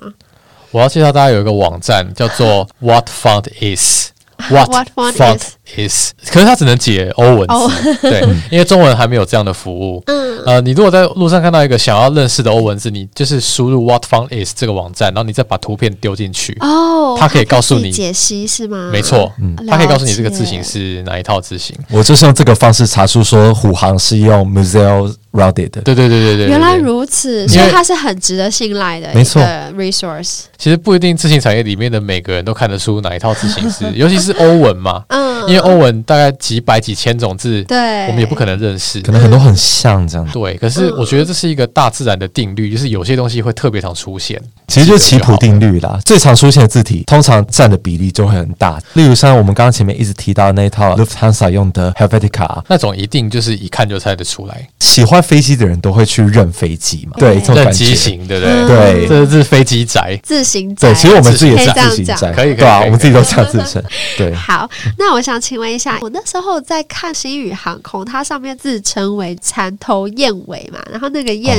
我要介紹大家有一個網站叫做 What, What Font Is What, What Font, font Is。is，可是它只能解歐文字，對，因為中文還沒有這樣的服務。嗯，呃，你如果在路上看到一個想要認識的歐文字，你就是輸入 What font is 這個網站，然後你再把圖片丟進去，哦，它可以告訴你解析是嗎？沒錯，它可以告訴你這個字型是哪一套字型。我就是用這個方式查出說“虎航”是用 Museo Rounded。對對對對對，原來如此，所以它是很值得信賴的。沒錯，resource。其實不一定字型產業裡面的每個人都看得出哪一套字型是，尤其是歐文嘛，嗯。因為歐文大概幾百幾千種字，對，我們也不可能認識，可能很多很像這樣。對，可是我覺得這是一個大自然的定律，就是有些東西會特別常出現，其實就是齊普定律啦。最常出現的字體，通常佔的比例就會很大。例如像我們剛剛前面一直提到的那一套 Lufthansa 用的 Helvetica，那種一定就是一看就猜得出來。喜歡飛機的人都會去認飛機嘛？對，認機型，對不對？對，這是飛機宅，字型宅。對，其實我們自己也是字型宅，可以，對啊，我們自己都這樣自稱。對，好，那我想。請問一下，我那時候在看星宇航空，它上面自稱為“蠶頭燕尾”嘛，然後那個燕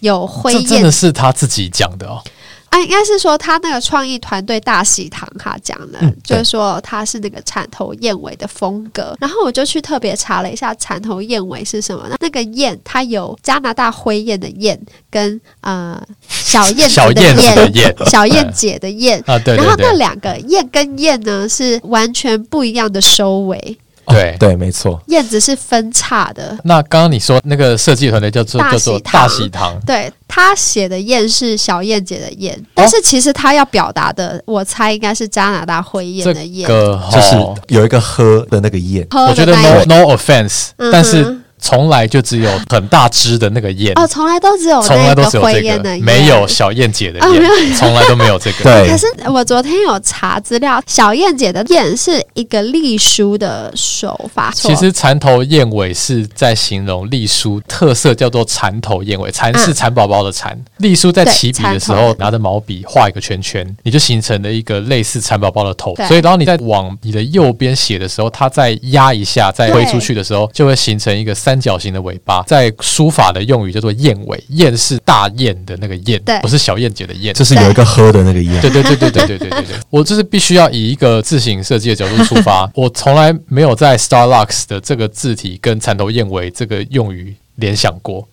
有灰燕，哦哦、這真的是他自己講的哦。啊，應該是說他那個創意團隊大喜堂哈講的，就是說他是那個蠶頭燕尾的風格。然後我就去特別查了一下，蠶頭燕尾是什麼呢？那個燕，它有加拿大灰雁的雁，跟呃小燕子的燕，小燕姐的燕。然後那兩個雁跟燕呢是完全不一樣的收尾。Oh, 對對，沒錯，燕子是分叉的。那剛剛你說那個設計團隊叫做叫做大喜堂，喜堂對，他寫的燕是小燕姐的燕哦，但是其實他要表達的，我猜應該是加拿大灰燕的燕，這個哦、就是有一個喝的那個燕。我覺得 no offense，但是。嗯從來就只有很大隻的那個燕哦，從來都只有，從來都只有這個，沒有小燕姐的燕，從、哦、來都沒有這個。 (laughs) 對、啊，可是我昨天有查資料，小燕姐的燕是一個隸書的手法。其實蠶頭燕尾是在形容隸書特色，叫做蠶頭燕尾。蠶是蠶寶寶的蠶，隸書、啊、在起筆的時候拿着毛筆畫一個圈圈，你就形成了一個類似蠶寶寶的頭。對所以，當你在往你的右邊寫的時候，它再壓一下，再揮出去的時候，對就會形成一個。三角形的尾巴，在書法的用語叫做“燕尾”，燕是大雁的那個燕，對不是小燕姐的燕。這是有一個“喝”的那個燕。對對對，對對對對對對對對。我就是必須要以一個字型設計的角度出發， (laughs) 我從來沒有在 StarLux 的這個字體跟蠶頭燕尾這個用語聯想過。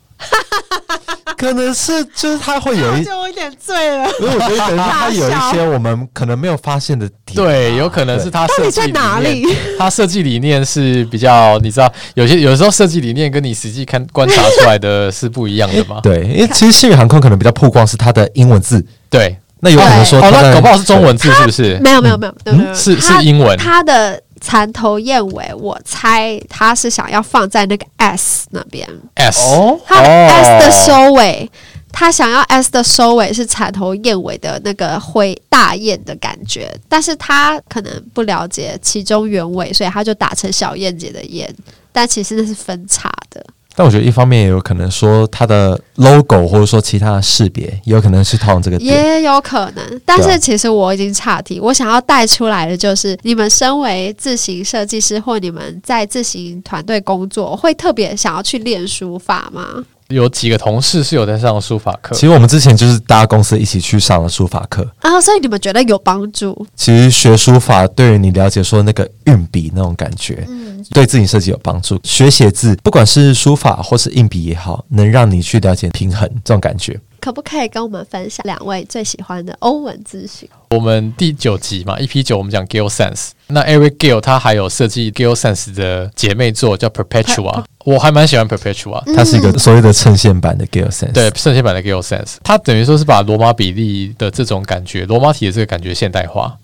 可能是就是他會有一，我有點醉了。因為我覺得他有一些我們可能沒有發現的點，啊， (laughs) 對，有可能是他設計理念。他設計理念是比較，你知道，有些有時候設計理念跟你實際看觀察出來的是不一樣的嘛。 (laughs) 對，因為其實星宇航空可能比較曝光是它的英文字，對，那有可能說他搞不好是中文字，是不是？沒有，沒，有沒有，沒有，嗯，沒有，嗯，是是英文，它的。蠶頭燕尾，我猜他是想要放在那個 S 那邊。S，哦，他 S 的收尾，他想要 S 的收尾是蠶頭燕尾的那個灰大雁的感覺，但是他可能不了解其中原委，所以他就打成小燕姐的燕，但其實那是分叉的。但我覺得一方面也有可能說它的 logo 或者說其他的識別，也有可能是套用這個。也有可能，但是其實我已經岔題。啊、我想要帶出來的就是，你們身為字型設計師，或你們在字型團隊工作，會特別想要去練書法嗎？有幾個同事是有在上書法課。其實我們之前就是大家公司一起去上了書法課啊，所以你們覺得有幫助？其實學書法對於你了解說那個運筆那種感覺，對自己設計有幫助。學寫字，不管是書法或是硬筆也好，能讓你去了解平衡這種感覺。可不可以跟我們分享兩位最喜歡的歐文字型？我們第九集嘛，EP 九我們講 Gill Sans，那 Eric Gill 他還有設計 Gill Sans 的姐妹作，叫 Perpetua，我還蠻喜歡 Perpetua，它是一個所謂的襯線版的 Gill Sans，、嗯、對襯線版的 Gill Sans，它等於說是把羅馬比例的這種感覺，羅馬體的這個感覺現代化。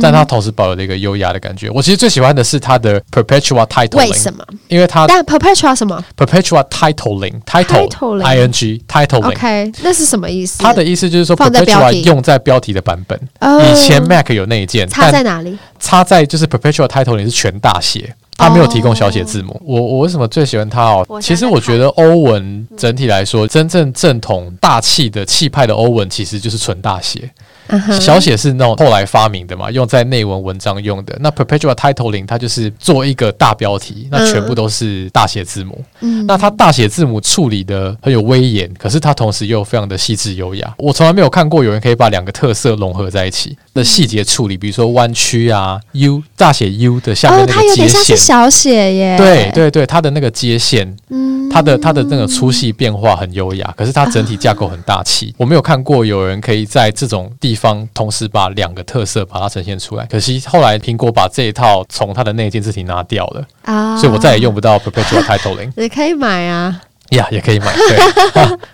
但它同時保留了一個優雅的感覺。我其實最喜歡的是它的 Perpetua Titling，為什麼？因為它但 Perpetua 什麼？Perpetua Titling，Titling，Titling。OK，那是什麼意思？它的意思就是說 p p e r Perpetua 放在標題，用在標題的版本。以前 Mac 有那一件，它在哪裡？插在就是 Perpetua Titling 是全大寫，它沒有提供小寫字母。我我為什麼最喜歡它哦？其實我覺得歐文整體來說，真正正統大氣的氣派的歐文，其實就是純大寫。小寫是那種後來發明的嘛，用在內文文章用的。那 perpetual titling 它就是做一個大標題，那全部都是大寫字母。嗯、那它大寫字母處理的很有威嚴，可是它同時又非常的細致優雅。我從來沒有看過有人可以把兩個特色融合在一起的細節處理，比如說彎曲啊，U 大寫 U 的下面那個接線、哦、它有點像是小寫耶對。對對對，它的那個接線，它的它的那個粗細變化很優雅，可是它整體架構很大氣。嗯、我沒有看過有人可以在這種地方。方同時把兩個特色把它呈現出來，可惜後來蘋果把這一套從它的內建字體拿掉了。Oh, 所以我再也用不到 Perpetua Titling 你可以買啊。呀，yeah, 也可以買。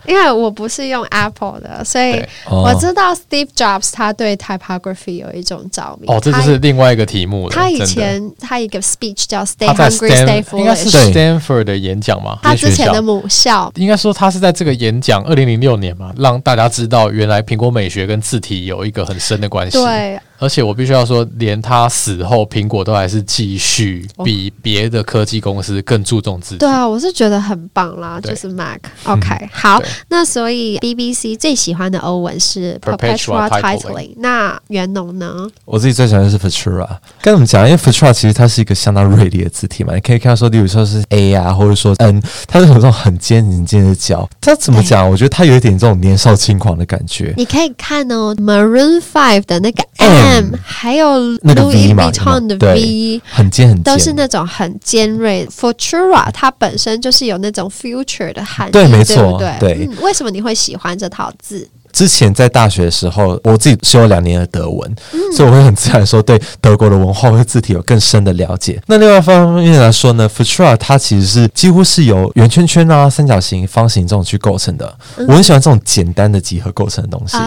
因為、 (laughs) yeah, 我不是用 Apple 的，所以我知道 Steve Jobs 他對 typography 有一種照明。哦，他哦，這就是另外一個題目。他以前他，的他一個 speech 叫 Stay Hungry, St Stay f o r d 應該是 Stanford 的演講嘛？對他之前的母校，應該說他是在這個演講，二零零六年嘛，讓大家知道原來蘋果美學跟字體有一個很深的關係。對。而且我必須要說，連他死後，蘋果都還是繼續比別的科技公司更注重自己。哦、對啊，我是覺得很棒啦，對 就是 Mac。對 OK，好，對 那所以 BBC 最喜歡的歐文是 Perpetua Titling。那袁農呢？我自己最喜歡的是 Perpetua。該怎麼講？因為 Perpetua 其實它是一個相當銳利的字體嘛，你可以看到說，例如說是 A 呀、啊，或者說 N，它是有這種很尖、很尖的角。它怎麼講？對 我覺得它有一點這種年少輕狂的感覺。你可以看哦，Maroon Five 的那個。M 還有 Louis Vuitton 的 V，很尖很尖的都是那種很尖銳。Futura 它本身就是有那種 future 的含義，對，沒錯，對，對，對、嗯。為什麼你會喜歡這套字？之前在大學的時候，我自己修了兩年的德文，所以我會很自然說對德國的文化和字體有更深的了解。那另外一方面來說呢，Futura 它其實是幾乎是由圓圈圈啊、三角形、方形這種去構成的。我很喜歡這種簡單的幾何構成的東西。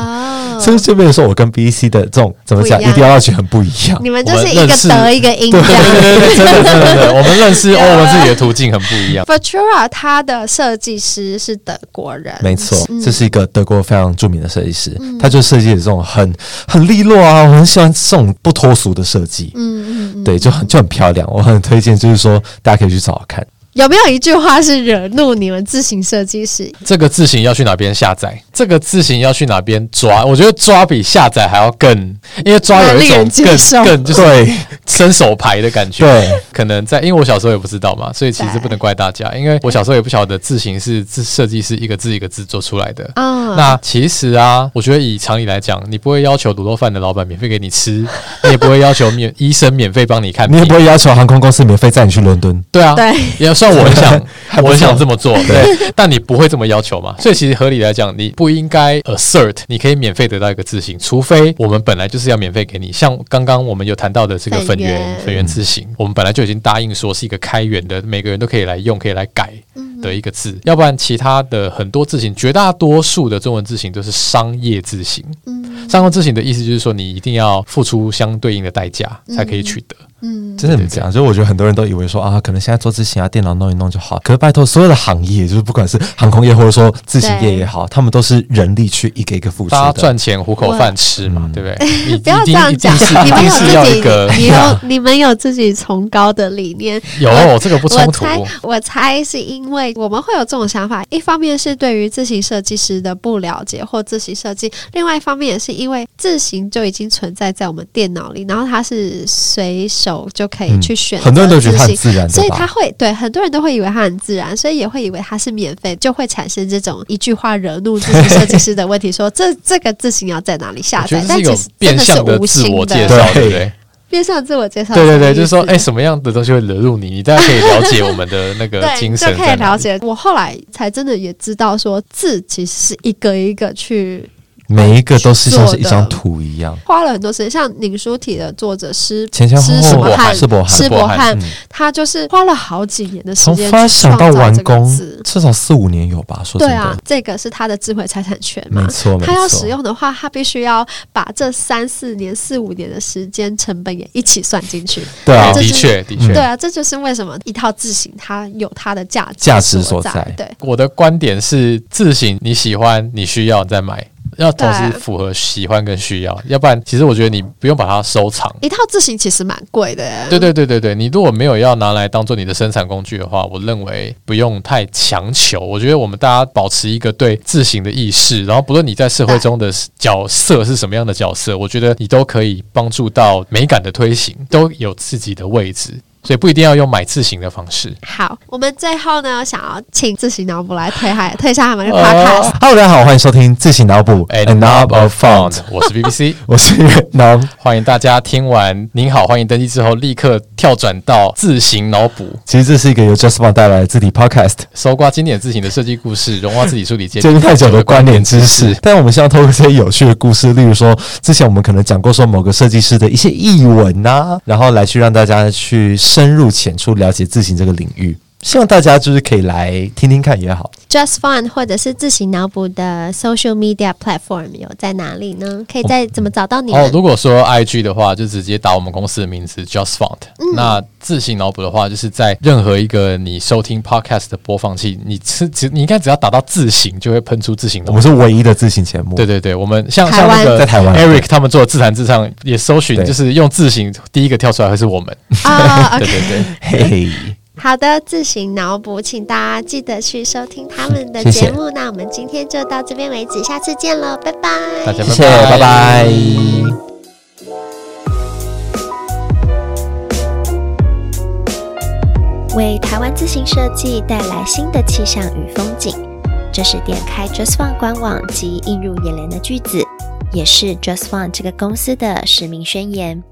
所以就比如說，我跟 BC 的這種怎麼講，一定要要去很不一樣。你們就是一個德一個英，對對對，真的真的，我們認識，我們自己的途徑很不一樣。Futura 它的設計師是德國人，沒錯，這是一個德國非常著名的設計師，他就設計的這種很很利落啊，我很喜歡這種不脫俗的設計。對，就很就很漂亮，我很推薦，就是說大家可以去找找看。有沒有一句話是惹怒你們字型設計師？這個字型要去哪邊下載？這個字型要去哪邊抓？我覺得抓比下載還要更，因為抓有一種更更就是對伸手牌的感覺。對，可能在因為我小時候也不知道嘛，所以其實不能怪大家，對因為我小時候也不曉得字型是字設計師一個字一個字做出來的啊。哦、那其實啊，我覺得以常理來講，你不會要求滷肉飯的老板免費給你吃，你也不會要求免 (laughs) 醫生免費幫你看病，你也不會要求航空公司免費載你去倫敦。對啊，對也要。算雖我很想，不我很想這麼做，對。但你不會這麼要求嘛？所以其實合理來講，你不應該 assert 你可以免費得到一個字型，除非我們本來就是要免費給你。像剛剛我們有談到的這個粉圓粉圓字型，我們本來就已經答應說是一個開源的，每個人都可以來用，可以來改的一個字。要不然，其他的很多字型，絕大多數的中文字型都是商業字型。嗯，商業字型的意思就是說，你一定要付出相對應的代價才可以取得。嗯，真的，你這樣，所以我覺得很多人都以為說啊，可能現在做字型啊，電腦弄一弄就好。可是拜托，所有的行業，就是不管是航空業或者說字型業也好，對他們都是人力去一個一個付出的。大家賺錢糊口飯吃嘛，對不對？不要這樣講，一定是 (laughs) 你們有自己，你,你,你有 (laughs) 你們有自己崇高的理念。有這個不衝突 (laughs) 我猜。我猜是因為我們會有這種想法，一方面是對於字型設計師的不了解或字型設計，另外一方面也是因為字型就已經存在在,在我們電腦裡，然後它是隨手。就可以去選、嗯，很多人都覺得它自然，所以他會對很多人都會以為他很自然，所以也會以為他是免費，就會產生這種一句話惹怒這些設計師的問題。 (laughs) 說這這個字型要在哪裡下載？但其實是一種變相的自我介紹，對不對？對對對，變相自我介紹，對對對，就是說，哎、欸，什麼樣的東西會惹怒你？你大概可以了解我們的那個精神， (laughs) 就可以了解。我後來才真的也知道說，說字其實是一個一個去。每一個都是像一張圖一樣，花了很多時間。像《隸書體》的作者師師什麼漢施伯漢，他就是花了好幾年的時間，從發想到完工至少四五年有吧？說真的，對啊，這個是他的智慧財產權嘛？沒錯，他要使用的話，他必須要把這三四年、四五年的時間成本也一起算進去。對啊，的確的確，對啊，這就是為什麼一套字型它有它的價值所在。對，我的觀點是，字型你喜歡、你需要再買。要同時符合喜歡跟需要，對要不然其實我覺得你不用把它收藏。一套字型其實蠻貴的，對對對對對。你如果沒有要拿來當做你的生產工具的話，我認為不用太強求。我覺得我們大家保持一個對字型的意識，然後不論你在社會中的角色是什麼樣的角色，對我覺得你都可以幫助到美感的推行，都有自己的位置。所以不一定要用買字型的方式。好，我們最後呢，想要請字型腦補來推還推一下他們的 podcast。Uh, Hello，大家好，歡迎收聽字型腦補。a knob of font，我是 BBC，我是元濃，歡迎大家聽完。您好，歡迎登機之後立刻跳轉到字型腦補。其實這是一個由 justfont 帶來的字體 podcast，搜刮經典字型的設計故事，融化自己書裡這是太久的觀點知識。但我們希望透過這些有趣的故事，例如說之前我們可能講過說某個設計師的一些譯文吶、啊，wow. 然後來去讓大家去。深入淺出了解字型這個領域，希望大家就是可以來聽聽看也好。justfont，或者是字型腦補的 Social Media Platform 有在哪裡呢？可以在怎麼找到你？哦，如果說 IG 的話，就直接打我們公司的名字 justfont、嗯。那字型腦補的話，就是在任何一個你收聽 Podcast 的播放器，你只只，你應該只要打到字型，就會噴出字型的。我們是唯一的字型節目。對對對，我們像台灣像那個 Eric 他們做的自彈自唱，也搜尋，就是用字型對第一個跳出來，會是我們？Oh, okay. 對對對，嘿嘿。好的，字型腦補，請大家記得去收聽他們的節目。謝謝。那我們今天就到這邊為止，下次見嘍，拜拜！大家拜拜，謝謝，拜拜。為台灣字型設計，帶來新的氣象與風景，這是點開 justfont 官網即映入眼簾的句子，也是 justfont 這個公司的使命宣言。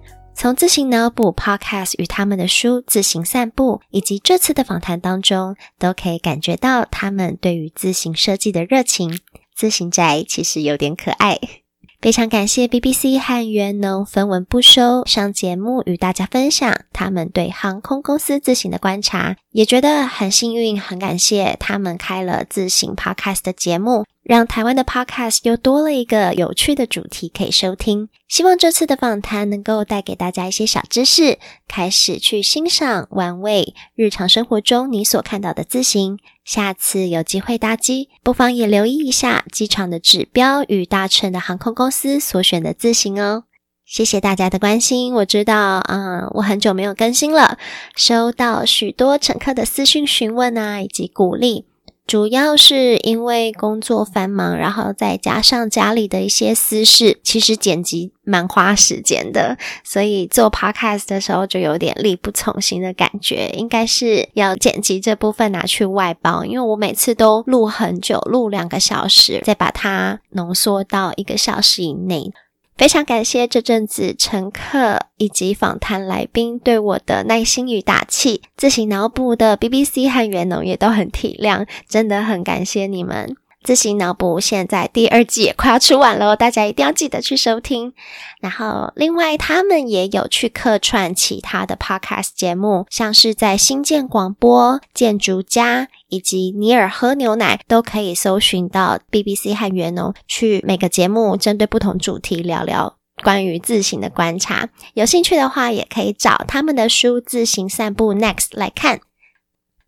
從字型腦補 podcast 與他們的書、字型散步，以及這次的訪談當中，都可以感覺到他們對於字型設計的熱情。字型宅其實有點可愛。 (laughs) 非常感謝 BBC 和元濃分文不收上節目與大家分享他們對航空公司字型的觀察，也覺得很幸運，很感謝他們開了字型 podcast 的節目，讓台灣的 podcast 又多了一個有趣的主題可以收聽。希望這次的訪談能夠帶給大家一些小知識，開始去欣賞、玩味日常生活中你所看到的字型。下次有機會搭機，不妨也留意一下機場的指標與搭乘的航空公司所選的字型哦。謝謝大家的關心，我知道啊、嗯，我很久沒有更新了，收到許多乘客的私訊詢問啊，以及鼓勵。主要是因為工作繁忙，然後再加上家裡的一些私事，其實剪輯蠻花時間的，所以做 podcast 的時候就有點力不從心的感覺，應該是要剪輯這部分拿去外包，因為我每次都錄很久，錄兩個小時，再把它濃縮到一個小時以內。非常感謝這陣子乘客以及訪談來賓對我的耐心與打氣，字型腦補的 BBC 和元濃也都很體諒，真的很感謝你們。字型腦補，現在第二季也快要出完了，大家一定要記得去收聽。然後，另外他們也有去客串其他的 podcast 節目，像是在新建廣播、建築家以及尼爾喝牛奶，都可以搜尋到 BBC 和元濃哦。去每個節目針對不同主題聊聊關於字型的觀察，有興趣的話也可以找他們的書《字型散步 Next》來看。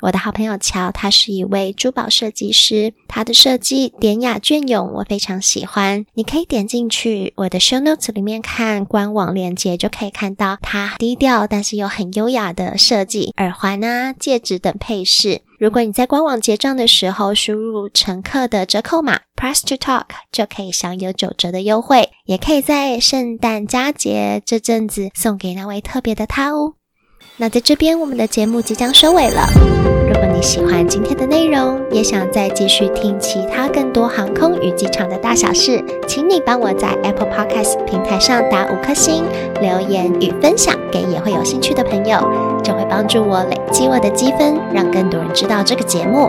我的好朋友喬，他是一位珠寶設計師，他的設計典雅雋永，我非常喜歡。你可以點進去我的 show notes 裡面看官網鏈接，就可以看到他低調但是又很優雅的設計耳環啊、戒指等配飾。如果你在官網結賬的時候輸入乘客的折扣碼 Press to Talk，就可以享有九折的優惠。也可以在聖誕佳節這陣子送給那位特別的他哦。那在這邊，我們的節目即將收尾了。如果你喜歡今天的內容，也想再繼續聽其他更多航空與機場的大小事，請你幫我在 Apple Podcast 平台上打五顆星，留言與分享給也會有興趣的朋友，這會幫助我累積我的積分，讓更多人知道這個節目。